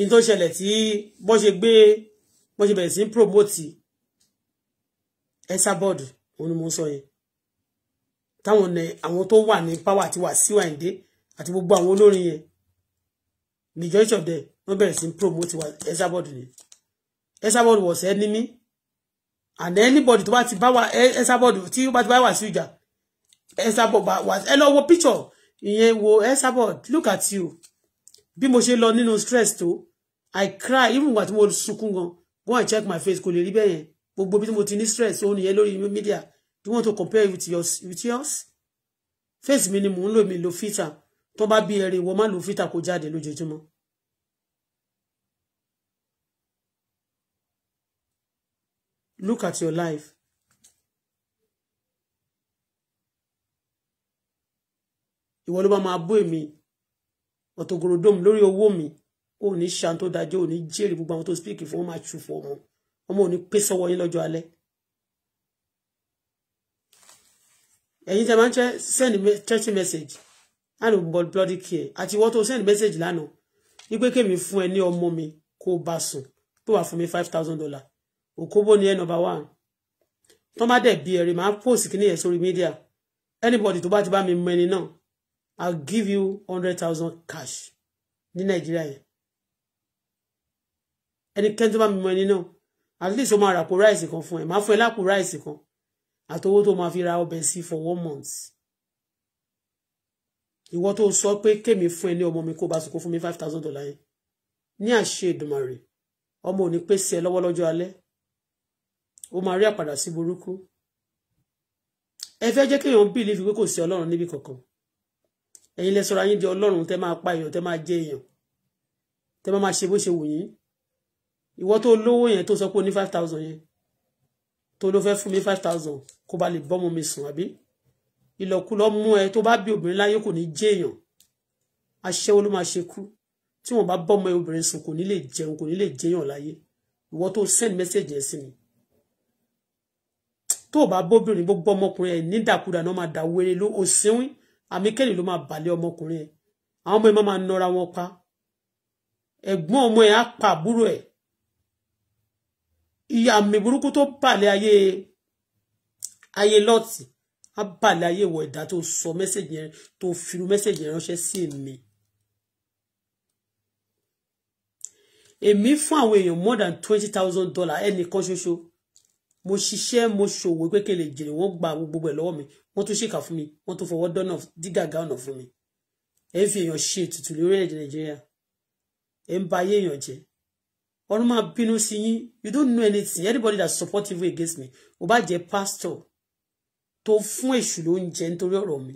in tó ṣẹlẹ̀ tí bọ́n ṣe gbé bọ́n ṣe bẹ̀rẹ̀ sí promote ẹsà bọ́ọ̀dù òun ni mo sọ yẹn táwọn ní àwọn tó wà ní power àti Wàsíù Àyìndé àti gbogbo àwọn olórin yẹn majority of them wọ́n bẹ̀rẹ̀ sí promote ẹsà bọ́ọ̀dù ni ẹsà bọ́ọ̀dù was enemy and anybody tó bá ti bá wà ẹsà bọ́ọ̀dù tí ó bá ti bá Wàsíù ìjà ẹsà bọ́ọ̀dù ẹ lọ wo picture ìyẹn wo ẹsà bọ́ọ̀dù look at you bí mo ṣe lọ nínú stress tó i cry even wà tí mo sunkún gan go and check my face kò lè rí bẹ́ẹ̀ yẹn gbogbo bí mo ti ní stress ó nìyẹn lórí media do you want to compare with yours with yours face mi ni mò ń lò mí lo filter tó bá bí ẹrin ìwọ má lo filter kó jáde lójoojúmọ́. look at your life ìwọ ló bá máa bó èmi ọ̀tọ̀gòròdòm lórí owó mi ò ní ṣan tó dájọ́ ò ní jèrè gbogbo àwọn tó speak fún wọn máa ṣùfọ̀ wọn ọmọ ò ní pé sọ́wọ́ yín lọ́jọ́ alẹ́ ẹ̀yin tẹ́ máa ń send text message and god bloody care àti wọ́n tó send message lánàá wípé kémi fún ẹ ní ọmọ mi kó o bá sùn pé wàá fún mi five thousand dollar òkóbó ni ẹ number one tọ́ má dẹ̀ bí ẹ̀rí máa post kí ni ẹ̀ sórí media anybody tó bá ti bá mi mọ ẹni náà i'll give you hundred thousand cash ní nàìjíríà yẹn ẹnikẹ́ni tó bá mi mọ ẹni náà at least o máa rà kó ráìsì kan fún ẹ máa fún ẹ lápò ráìsì kan àtowó tó máa fi ra ọbẹ̀ sí for one month ìwọ tó sọ pé kémi fún ẹ ní ọmọ mi kó bá sunkún fún mi five thousand dollar yẹn ní àṣẹ Èdùmàrè ọmọ ò ní pé sí ẹ lọ́wọ́ lọ́jọ́ alẹ́ ó máa rí àpàdà sí burúkú ẹ fẹ́ jẹ́ kéèyàn bìlífì pé kò sí ọlọ́run níbi kankan ẹ̀yin lẹ sọra yín di ọlọ́run tẹ́ máa pa èèyàn tẹ́ máa jẹ èèyàn tẹ́ máa máa ṣe bó ṣe wù yín ìwọ tó lówó yẹn tó sọ pé o ní five thousand yẹn tó ló fẹ́ fún mi five thousand kó ba lè bọ́mọ mi sùn àbí ìlọ̀kulọ̀ mú ẹ tó bá bí obìnrin láyé kò ní jẹ́ èèyàn aṣẹ́wó ló máa ṣe kú tí wọ́n bá bọ́mọ obìnrin sùn kò ní lè jẹun kò ní lè jẹ́yàn láyé ìwọ tó send message yẹn sí mi tó o bá bóbìnrin gbogbo ọmọkùnrin ẹ nídàkúdà náà máa dà wéré ló o sẹ́wìn àmì kẹ́lì ló máa bàlẹ́ ọmọkùnrin ẹ àwọn ọmọ ẹ máa nọra wọn pa ẹ̀gbọ́n ọmọ ẹ á pa àbúrò ẹ̀ ìyá mi burúkú tó bàlẹ̀ ayé ayé lọ́ọ̀tì á bàlẹ̀ ayé ìwọ̀ ẹ̀dá tó sọ mẹ́sẹ̀jì yẹn tó firu mẹ́sẹ̀jì yẹn ránṣẹ́ sí èmi. èmi fún àwọn èèyàn more than twenty thousand dollar ẹnìkan ṣoṣo mo ṣiṣẹ́ mo ṣòwò pé kí n lè jèrè wọ́n gba gbogbo ẹ̀ lọ́wọ́ mi wọ́n tún ṣèkà fún mi wọ́n tún fọwọ́ dọ́nà dígàgá ọ̀nà fún mi ẹ̀ fi èèyàn ṣe ètùtù lórí ẹ̀jẹ̀ nàìjíríà ẹ̀ ń ba ayé èèyàn jẹ́ ọ̀run máa bínú sí yín you don't know anything anybody that that's you against me ò bá jẹ́ pastor tó fún èṣù ló ń jẹ nítorí ọ̀rọ̀ mi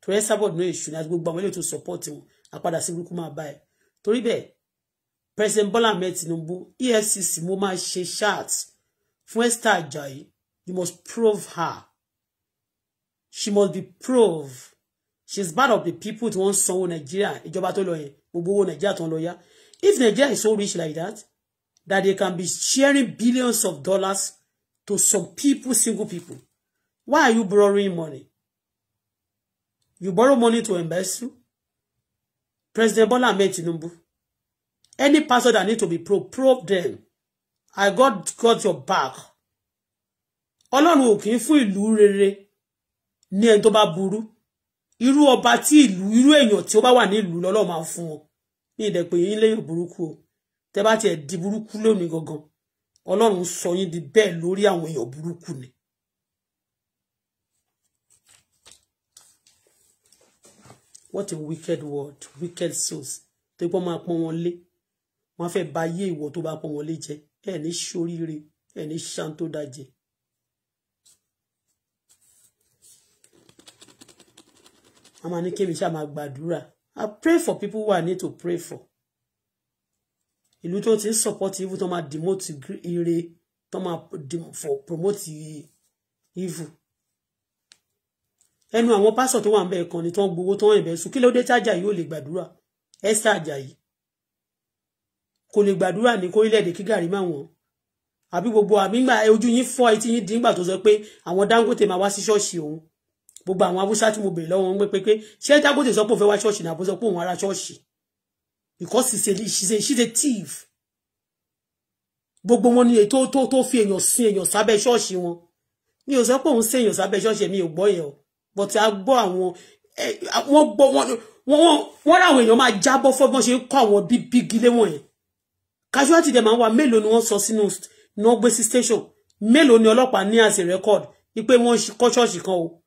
torí ẹ sábọ̀ nínú èṣù láti gbogbo àwọn eléyìí tó support wọn àpadà sí burúkú máa bá ẹ torí bẹ́ẹ̀ president Bola Ahmed Tinubu EFCC mo máa ṣe chat fún Esther Ajayi you must prove her she must be proved she is part of the people tí wọ́n sanwó Nàìjíríà ìjọba tó lọ yẹn gbogbo owó Nàìjíríà tó ń lọ yá if Nigeria is so rich like that that they can be sharing billions of dollars to some people, single people. Why are you borrowing money? You borrow money to invest through? President Bola Ahmed Tinubu. Any pastor that need to be probed, probe them. I got got your back. Ọlọ́run ò kì í fún ìlú rere ní ẹni tó bá burú. Irú ọba tí ìlú irú èèyàn tí ó bá wà ní ìlú lọ́lọ́run máa fún wọn. Ní ìdẹ̀pẹ̀ yín léèyàn burúkú o tẹ́ bá tiẹ̀ di burúkú lónìí gangan ọlọ́run sọ yín di bẹ́ẹ̀ lórí àwọn èèyàn burúkú ni. what a wicked world wicked souls tó gbọ́ máa pọ́n wọn lé wọ́n fẹ́ ba ayé ìwọ tó bá pọ́n wọn lé jẹ ẹ̀ ní ṣoríire ẹ̀ ní ṣan tó dájẹ́. a máa ní kémi ṣáà máa I pray for people who I need to pray for ìlú tó ti ń support evil tó máa demote ire tó máa for promote evil ẹnu àwọn pásọ tó wà ń bẹ kan ni tó ń gbowó tó ń ẹbẹ sùn kí ló dé tájà yìí ò lè gbàdúrà Esther Ajayi kò lè gbàdúrà ní kórílẹ̀-èdè kí gàrí máa wọ̀n àbí gbogbo àmìgbà ojú yín fọ́ etí yín dìgbà tó sọ pé àwọn Dangote máa wá sí ṣọ́ọ̀ṣì òun gbogbo àwọn abúṣá tí mo bèrè lọ́wọ́ wọn pé pé ṣé Dangote sọ pé òun fẹ́ wá ṣọ́ọ̀ṣì ní àbúṣọ pé òun ara ṣọ́ọ̀ṣì because she's a, she's a, she's a thief gbogbo wọn ni tó tó tó fi èèyàn sin èèyàn sábẹ́ ṣọ́ọ̀ṣì wọn mi ò sọ pé òun sin èèyàn sábẹ́ ṣọ́ọ̀ṣì mi ò gbọ́ yẹn o but a gbọ́ àwọn wọ́n gbọ́ wọn wọ́n wọ́n ráwọn èèyàn máa jábọ́ fọ́gbọ́n ṣe ń kọ́ àwọn bíi bígilé wọ̀nyẹn casualty dem àwọn mélòó ni wọ́n sọ sínú náà gbé sí station mélòó ni ọlọ́pàá ní as a record wípé wọ́n kọ́ ṣọ́ọ̀ṣì kan o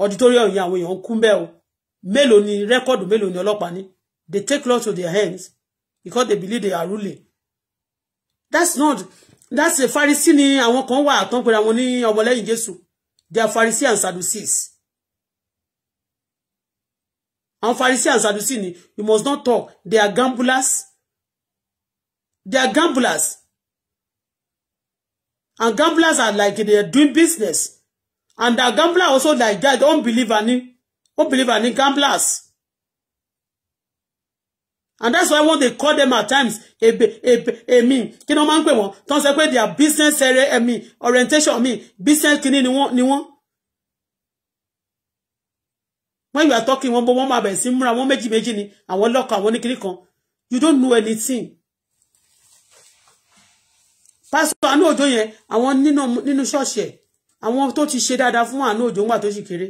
auditorium yẹn àwọn èèyàn ń kú bẹ́ẹ̀ o mélòó ni rẹ́kọ̀dù mélòó ni ọlọ́pàá ní They take law to their hands because they believe they are ruling. That's not, that's a Pharisee ni àwọn kan wà tán pé àwọn ní ọmọlẹ́yìn Jésù. They are Pharisee and Sadducees. Àwọn Pharisee and Sadducees ni, you must not talk. They are gamblers. They are gamblers. And gamblers are like they are doing business. And the gambler also like that, unbeliever ni, unbeliever ni gamblers and that's why when they call them at times ebe ebe emi kí ni wọ́n máa ń pè wọ́n tó ń sọ pé their business area emi orientation mi business kini ni wọ́n ni wọ́n. when you are talking wọn bó wọn máa bẹ̀rẹ̀ sí múra wọn méjì méjì ni àwọn lọ́kọ̀ àwọn oníkiri kan you don't know anything. pásítọ̀ àánú òjò yẹn àwọn nínú ṣọ́ọ̀ṣì ẹ̀ àwọn tó ti ṣe dáadáa fún àánú òjò ńgbà tó ṣì kéré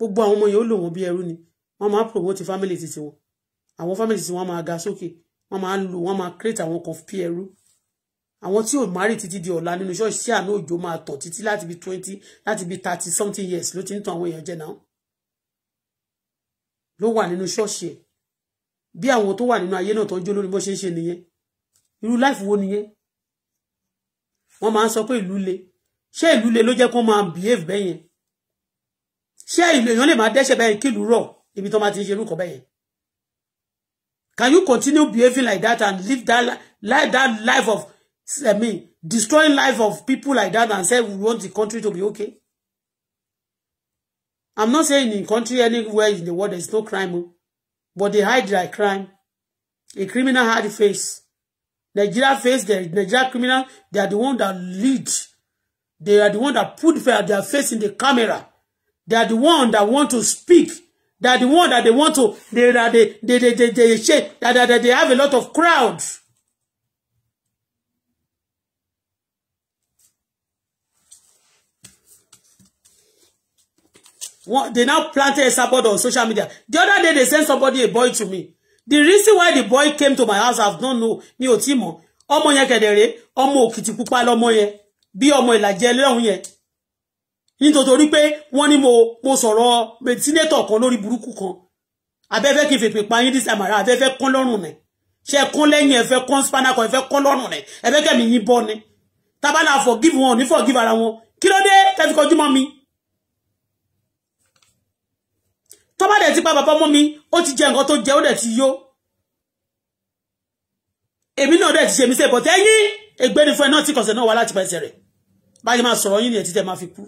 gbogbo àwọn ọmọ yẹn ó lò wọ́n bí ẹrú ni wọ́n máa promote family titi wọn àwọn families wọn máa ga sókè wọn máa ń lu wọn máa create àwọn kan fi ẹrú àwọn tí ò márì títí di ọ̀la nínú ṣọ́ọ̀ṣì tí àná òjò máa tàn títí láti bí twenty láti bí thirty something years ló ti ń tan àwọn èèyàn jẹ náà ló wà nínú ṣọ́ọ̀ṣì ẹ̀ bí àwọn tó wà nínú ayé náà tó ń jó lórí bó ṣe ń ṣe nìyẹn irú láìfù wo nìyẹn wọ́n máa ń sọ pé ìlú le ṣé ìlú le ló jẹ́ kó máa behave bẹ́yẹn ṣé ìlú èèyàn lè máa dẹ́ṣẹ̀ bẹ́yẹn kí ìlú rọ̀ ibi tó máa ti ń ṣe irú kan bẹ́yẹn Can you continue behaving like that and live that like that life of I mean destroying life of people like that and say we want the country to be okay? I'm not saying in country anywhere in the world there's no crime, oh. but they hide their crime. A criminal a face. Nigeria face the Nigeria criminal, they are the one that lead. They are the one that put their face in the camera. They are the one that want to speak that the one that they want to they that they they they they, they shake that, that, that they have a lot of crowds. What they now planted a support on social media. The other day they sent somebody a boy to me. The reason why the boy came to my house, I've don't know mi otimo omo mọ̀. Ọmọ yẹn kedere, ọmọ Òkìtìpupa lọmọ yẹn. Bí ọmọ nítorí pé wọ́n ní mo mo sọ̀rọ̀ sínétọ̀ kan lórí burúkú kan abẹ́fẹ́ kí n fèpè pa yín dísà màrà abẹ́fẹ́ kán lọ́rùn nẹ̀ ṣe kán lẹ́yìn ẹ̀fẹ́ kán spanakọ̀ ẹ̀fẹ́ kán lọ́rùn nẹ̀ ẹ̀fẹ́ kẹ́mi yín bọ́ ni tabala forgive wọn ò ní forgive ara wọn kí ló dé tẹ́fi kọjú mọ́ mi tọ́ba dẹ̀ ti pa bàbá mọ́ mi ó ti jẹ nǹkan tó jẹ ó dẹ̀ ti yó èmi náà dẹ̀ ti ṣe mí sẹ́bọ̀tẹ́yìn ègbéni fún ẹ náà tí kọ̀sẹ̀ náà wá láti pẹ̀sẹ̀ rẹ̀ báyìí máa sọ̀rọ̀ yín ni ẹ̀ títẹ̀ máa fi kú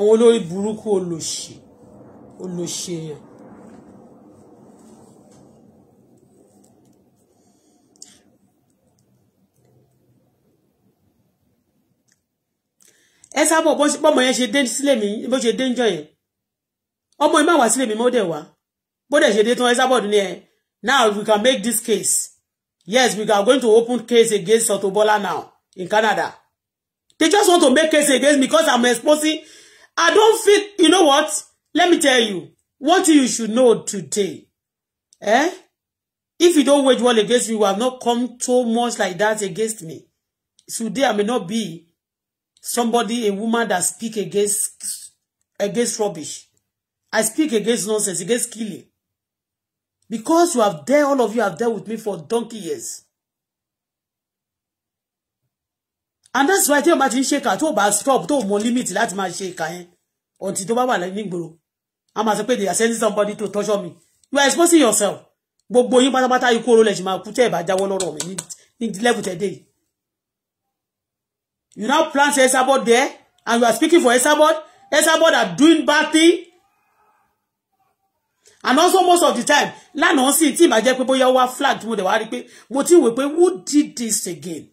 àwọn olórí burúkú olòṣì olòṣì èèyàn ẹ sábọ bọmọ yẹn ṣe dé sílé mi bó ṣe dé ń jọ yẹn ọmọ yìí má wá sílé mi mọ́ dẹ̀ wá bó dẹ̀ ṣe dé tán ẹ sábọ ní ẹ now we can make this case yes we are going to open case against Auto Bola now in Canada they just want to make case against me because I'm exposing I don't feel, you know what? Let me tell you, what you should know today. Eh? If you don't wage war against me, you have not come too much like that against me. Today, I may not be somebody, a woman that speak against, against rubbish. I speak against nonsense, against killing. Because you have dealt, all of you have dealt with me for donkey years. and that's why tí o bá ti ń ṣèkà tó bá stop tó mọ limit láti máa ṣe ìkà yẹn ọ̀ntì tó bá wà nígboro a máa sọ pé they are sending somebody to torture me you are exposing yourself gbogbo yín pátápátá ikú oró lẹ́sìn máa kú tẹ́ ẹ̀ bá jáwọ́ lọ́rọ̀ mi ní level tẹ́ dé yìí you now plant Esabod there and you are speaking for Esabod Esabod are doing bad thing and also most of the time lánàá sì tí ìbàjẹ́ pé bóyá wá flag tí mo dẹ̀ wá rí pé mo ti wò pé who did this again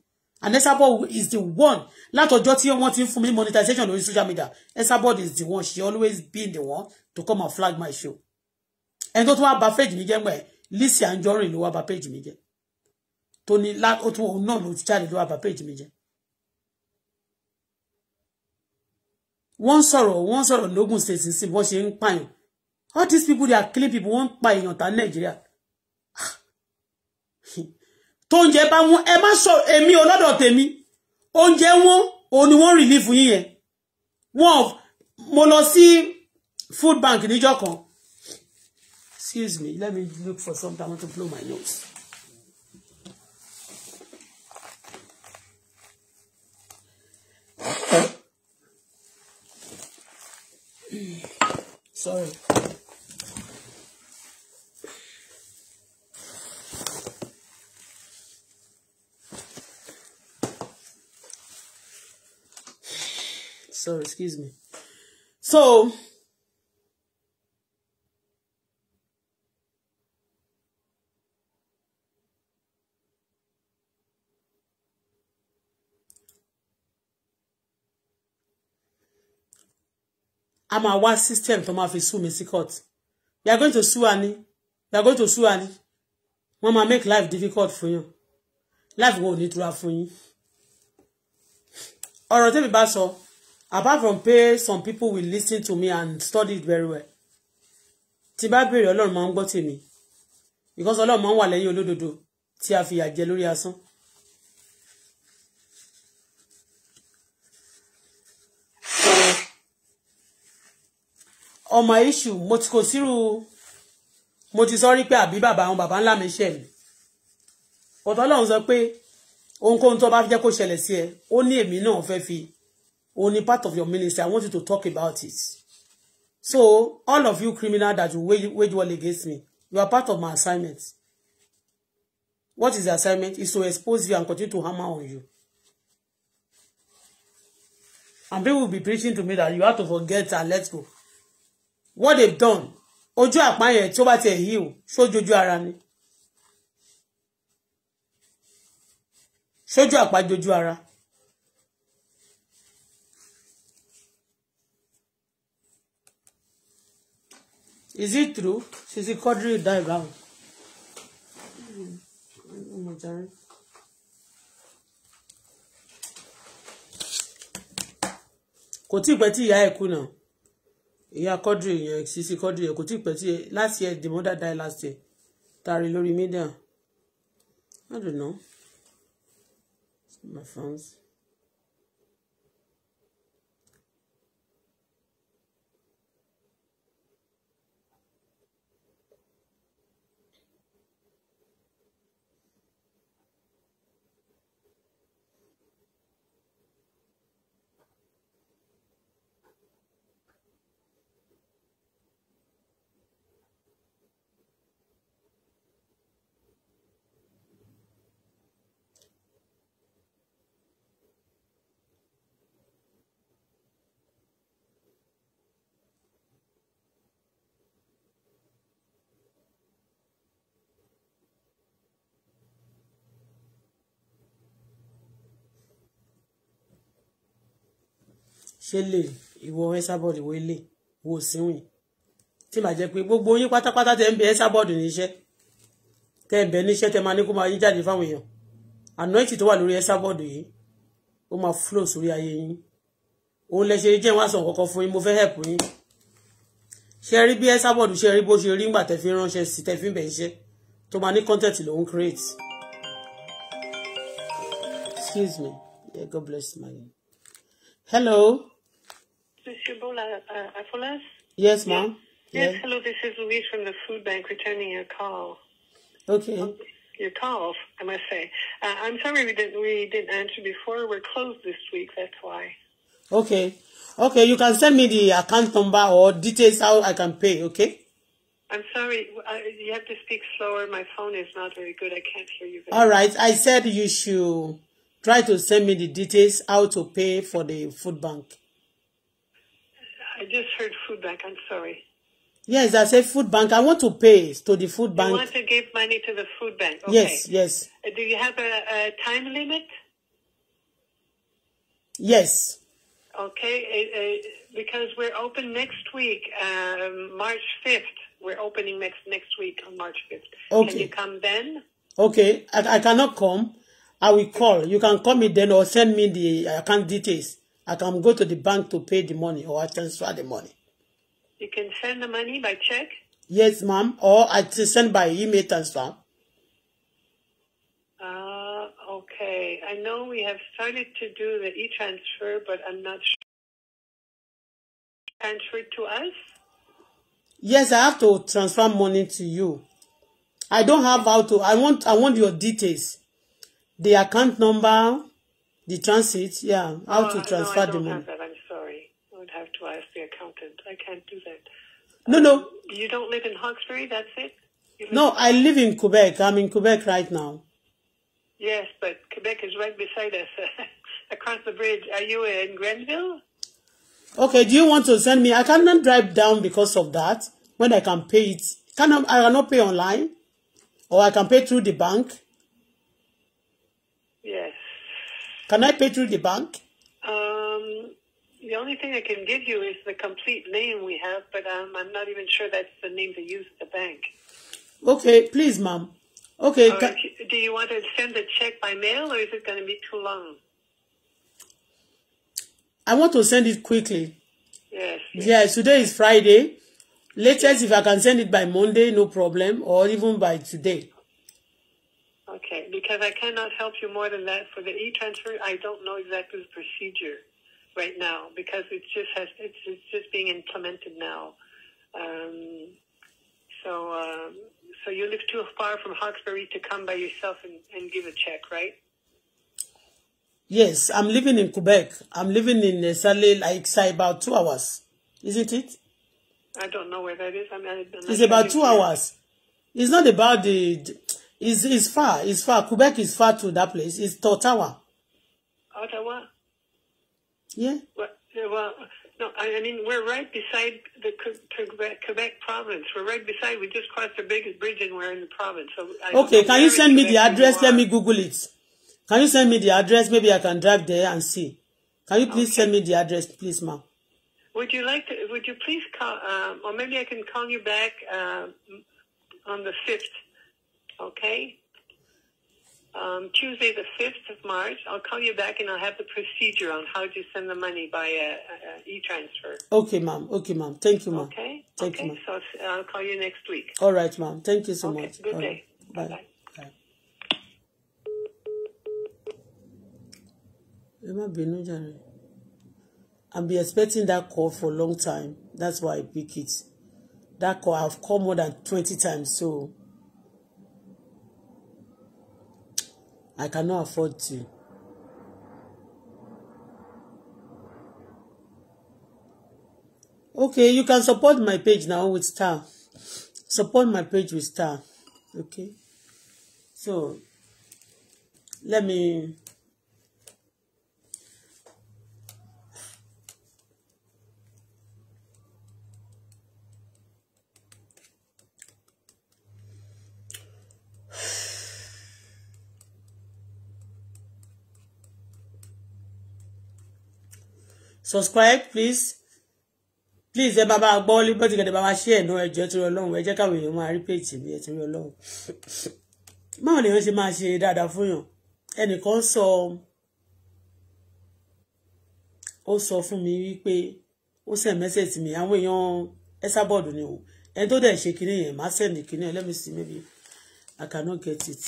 and Esabod is the one látọjọ́ tí wọ́n ti ń fún mi monetization lórí social media Esabod is the one she always been the one to come and flag my show ẹni tó tún wá bà page mi jẹ́ mọ́ ẹ Lizzy Anjorin ló wá bà page mi jẹ́ tó ní ó tún òun náà ló ti jáde ló wá bà page mi jẹ́ wọ́n sọ̀rọ̀ wọ́n sọ̀rọ̀ lógún state sí bọ́n ṣe ń pààyàn all these people they are killing people wọ́n ń pa èèyàn ta Nàìjíríà tó ń jẹ bá wọn ẹ má sọ èmi ọlọ́dọ̀ tèmi oúnjẹ wọn òun ni wọ́n relief yín yẹn wọn mo lọ sí food bank níjọ́ kan excuse me let me look for something I want to blow my nose. Sorry. sorry excuse me so I'm a one system to máa fi sue mi court we are going to sue ani we are going to sue ani Mama make life difficult for you. life wo need to have for you. ọ̀rọ̀ tẹ́mi bá sọ. So, apart from pay some people will listen to me and study it very well tí bá béèrè ọlọ́run máa ń gbọ́ tèmi because ọlọ́run máa ń wà lẹ́yìn olódodo tí a fìyà jẹ lórí asán. ọmọ iṣu mo ti kò sírú mo ti sọ rí pé àbí bàbá àwọn bàbá ńlá mi ṣẹ̀ mí ọ̀tọ̀ ọlọ́run sọ pé ohunkóhun tó bá jẹ́ kó ṣẹlẹ̀ sí ẹ ó ní èmi náà fẹ́ fi only part of your ministry. I want you to talk about it. So, all of you criminal that you wage, wage war against me, you are part of my assignment. What is the assignment? Is to expose you and continue to hammer on you. And people will be preaching to me that you have to forget and let go. What they've done, ojú àpá tí ó bá tiẹ̀ yí o, ṣójoojú ara ni. Ṣójú àpá jojú ara. is it true Sisi Quadri die báwo. Hmm. Mm, kò tí ì pẹ́ tí ìyá ẹ̀ kú náà ìyá Quadri yẹn Sisi Quadri yẹn kò tí ì tí last year the mother die last year tari lórí media I don't know my phones. ṣé lè ìwọ ẹsàbọọdù wo lè wo síwìn tí màá jẹ pé gbogbo yín pátápátá tẹ ń bẹ ẹsàbọọdù níṣẹ́ tẹ ń bẹ níṣẹ́ tẹ máa ní kó máa yín jáde fáwọn èèyàn ànáìtì tó wà lórí ẹsàbọọdù yìí ó flow sórí ayé yín òun lẹ ṣe jẹ́ wá sàn kọ́kọ́ fún yín mo fẹ́ help yín ṣe rí bí ẹsàbọọdù ṣe rí bó ṣe rí ńgbà tẹ fi ránṣẹ́ sí tẹ fi ń bẹ iṣẹ́ tó máa ní content lòún create excuse me yeah, God bless my hello. Monsieur Bola uh, uh Yes, ma'am. Yes. yes. hello, this is Louise from the food bank returning your call. Okay. Um, your call, I must say. Uh, I'm sorry we didn't we didn't answer before. We're closed this week, that's why. Okay. Okay, you can send me the account number or details how I can pay, okay? I'm sorry, I, uh, you have to speak slower. My phone is not very good. I can't hear you. All right, well. I said you should try to send me the details how to pay for the food bank. I just heard food bank. I'm sorry. Yes, I said food bank. I want to pay to the food bank. You want to give money to the food bank? Okay. Yes, yes. Uh, do you have a, a time limit? Yes. Okay, uh, uh, because we're open next week, um, March 5th. We're opening next next week on March 5th. Okay. Can you come then? Okay, I, I cannot come. I will call. You can call me then or send me the account details. I can go to the bank to pay the money or I transfer the money. You can send the money by check? Yes, ma'am. Or I send by email transfer. Uh, okay. I know we have started to do the e-transfer, but I'm not sure. Transfer to us? Yes, I have to transfer money to you. I don't have how to. I want. I want your details, the account number, The transit, yeah, how no, oh, to transfer no, I the money. That. I'm sorry. I would have to ask the accountant. I can't do that. No, um, no. You don't live in Hawkesbury, that's it? No, I live in Quebec. I'm in Quebec right now. Yes, but Quebec is right beside us, across the bridge. Are you in Grenville? Okay, do you want to send me? I cannot drive down because of that. When I can pay it, can I, I cannot pay online, or I can pay through the bank. Can I pay through the bank? Um, the only thing I can give you is the complete name we have, but um, I'm not even sure that's the name they use at the bank. Okay, please, ma'am. Okay. Can... do you want to send a check by mail, or is it going to be too long? I want to send it quickly. Yes. Yes, yes today is Friday. Latest, if I can send it by Monday, no problem, or even by today. Okay, because I cannot help you more than that. For the e-transfer, I don't know exactly the procedure right now because it just has it's, it's just being implemented now. Um, so um, so you live too far from Hawkesbury to come by yourself and, and give a check, right? Yes, I'm living in Quebec. I'm living in uh, Salé, like say about two hours, isn't it? I don't know where that mean, I'm, it's about two hours. It's not about the. the It's, it's far. It's far. Quebec is far to that place. It's Ottawa. Ottawa? Yeah. Well, well no, I, mean, we're right beside the Quebec, Quebec province. We're right beside, we just crossed the biggest bridge and we're in the province. So I okay, can you send me Quebec the address? Let me Google it. Can you send me the address? Maybe I can drive there and see. Can you please okay. send me the address, please, ma'am? Would you like to, would you please call, um, or maybe I can call you back uh, on the 5th okay? Um, Tuesday the 5th of March, I'll call you back and I'll have the procedure on how to send the money by uh, uh transfer Okay, ma'am. Okay, ma'am. Thank you, ma'am. Okay? Thank okay, you, ma'am. so I'll call you next week. All right, ma'am. Thank you so okay, much. good All day. Right. Bye. Bye. I've be expecting that call for a long time. That's why I pick it. That call, I've called more than 20 times, so... I cannot afford to. Okay, you can support my page now with star. Support my page with star. Okay. So, let me subscribe please please ẹ bá bá gbọ́ liberty kẹ̀dẹ̀ bá bá ṣí ẹ̀nà ẹ̀jọ́ torí ọlọ́run ẹ jẹ́ káwọn èèyàn máa rí péjì mi ẹ̀ torí ọlọ́run báwo lèèyàn ṣe máa ṣe dáadáa fún yàn ẹnìkan sọ ó sọ fún mi wípé ó send message sí mi àwọn èèyàn Esabod ni o ẹni tó dẹ̀ ṣe kinní yẹn má send kinní yẹn let me see maybe I cannot get it.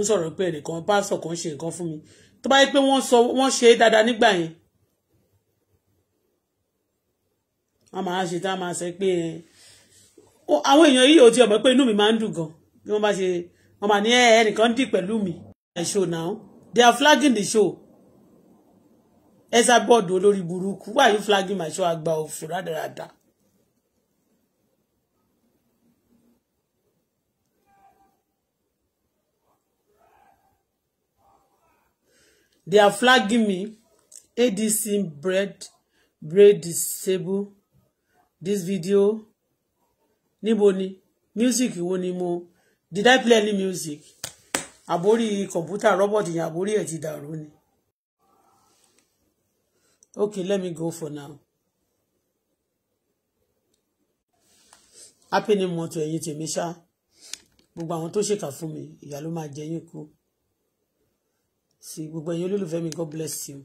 ń sọ̀rọ̀ pé ẹnìkan pásọ̀ kan ṣe nǹkan fún mi tó bá yẹ pé wọ́n sọ wọ́n ṣe é dáadáa nígbà yẹn wọ́n máa ṣe tá a máa sọ pé àwọn èèyàn yìí ò ti ọ̀mọ́ pé inú mi máa ń dùn gan bí wọ́n bá ṣe wọ́n máa ní ẹnìkan dì pẹ̀lú mi. show now they are flagging the show ẹ sábọ́ọ̀dù olórí burúkú why you flagging my show àgbà òfò rádaràda. They are flagging me. ADC bread, bread disable. This video. Níbo ni? Music wo ni mo? Did I play any music? Àbórí computer robot yẹn àbórí ẹ̀ ti dàrú ni. Okay, let me go for now. Happy new month to ẹ̀yin tèmi ṣá. Gbogbo to tó ṣèkà fún mi, ìyà ló máa jẹ yín kú sí gbogbo ẹ̀yin olólùfẹ́ mi God bless you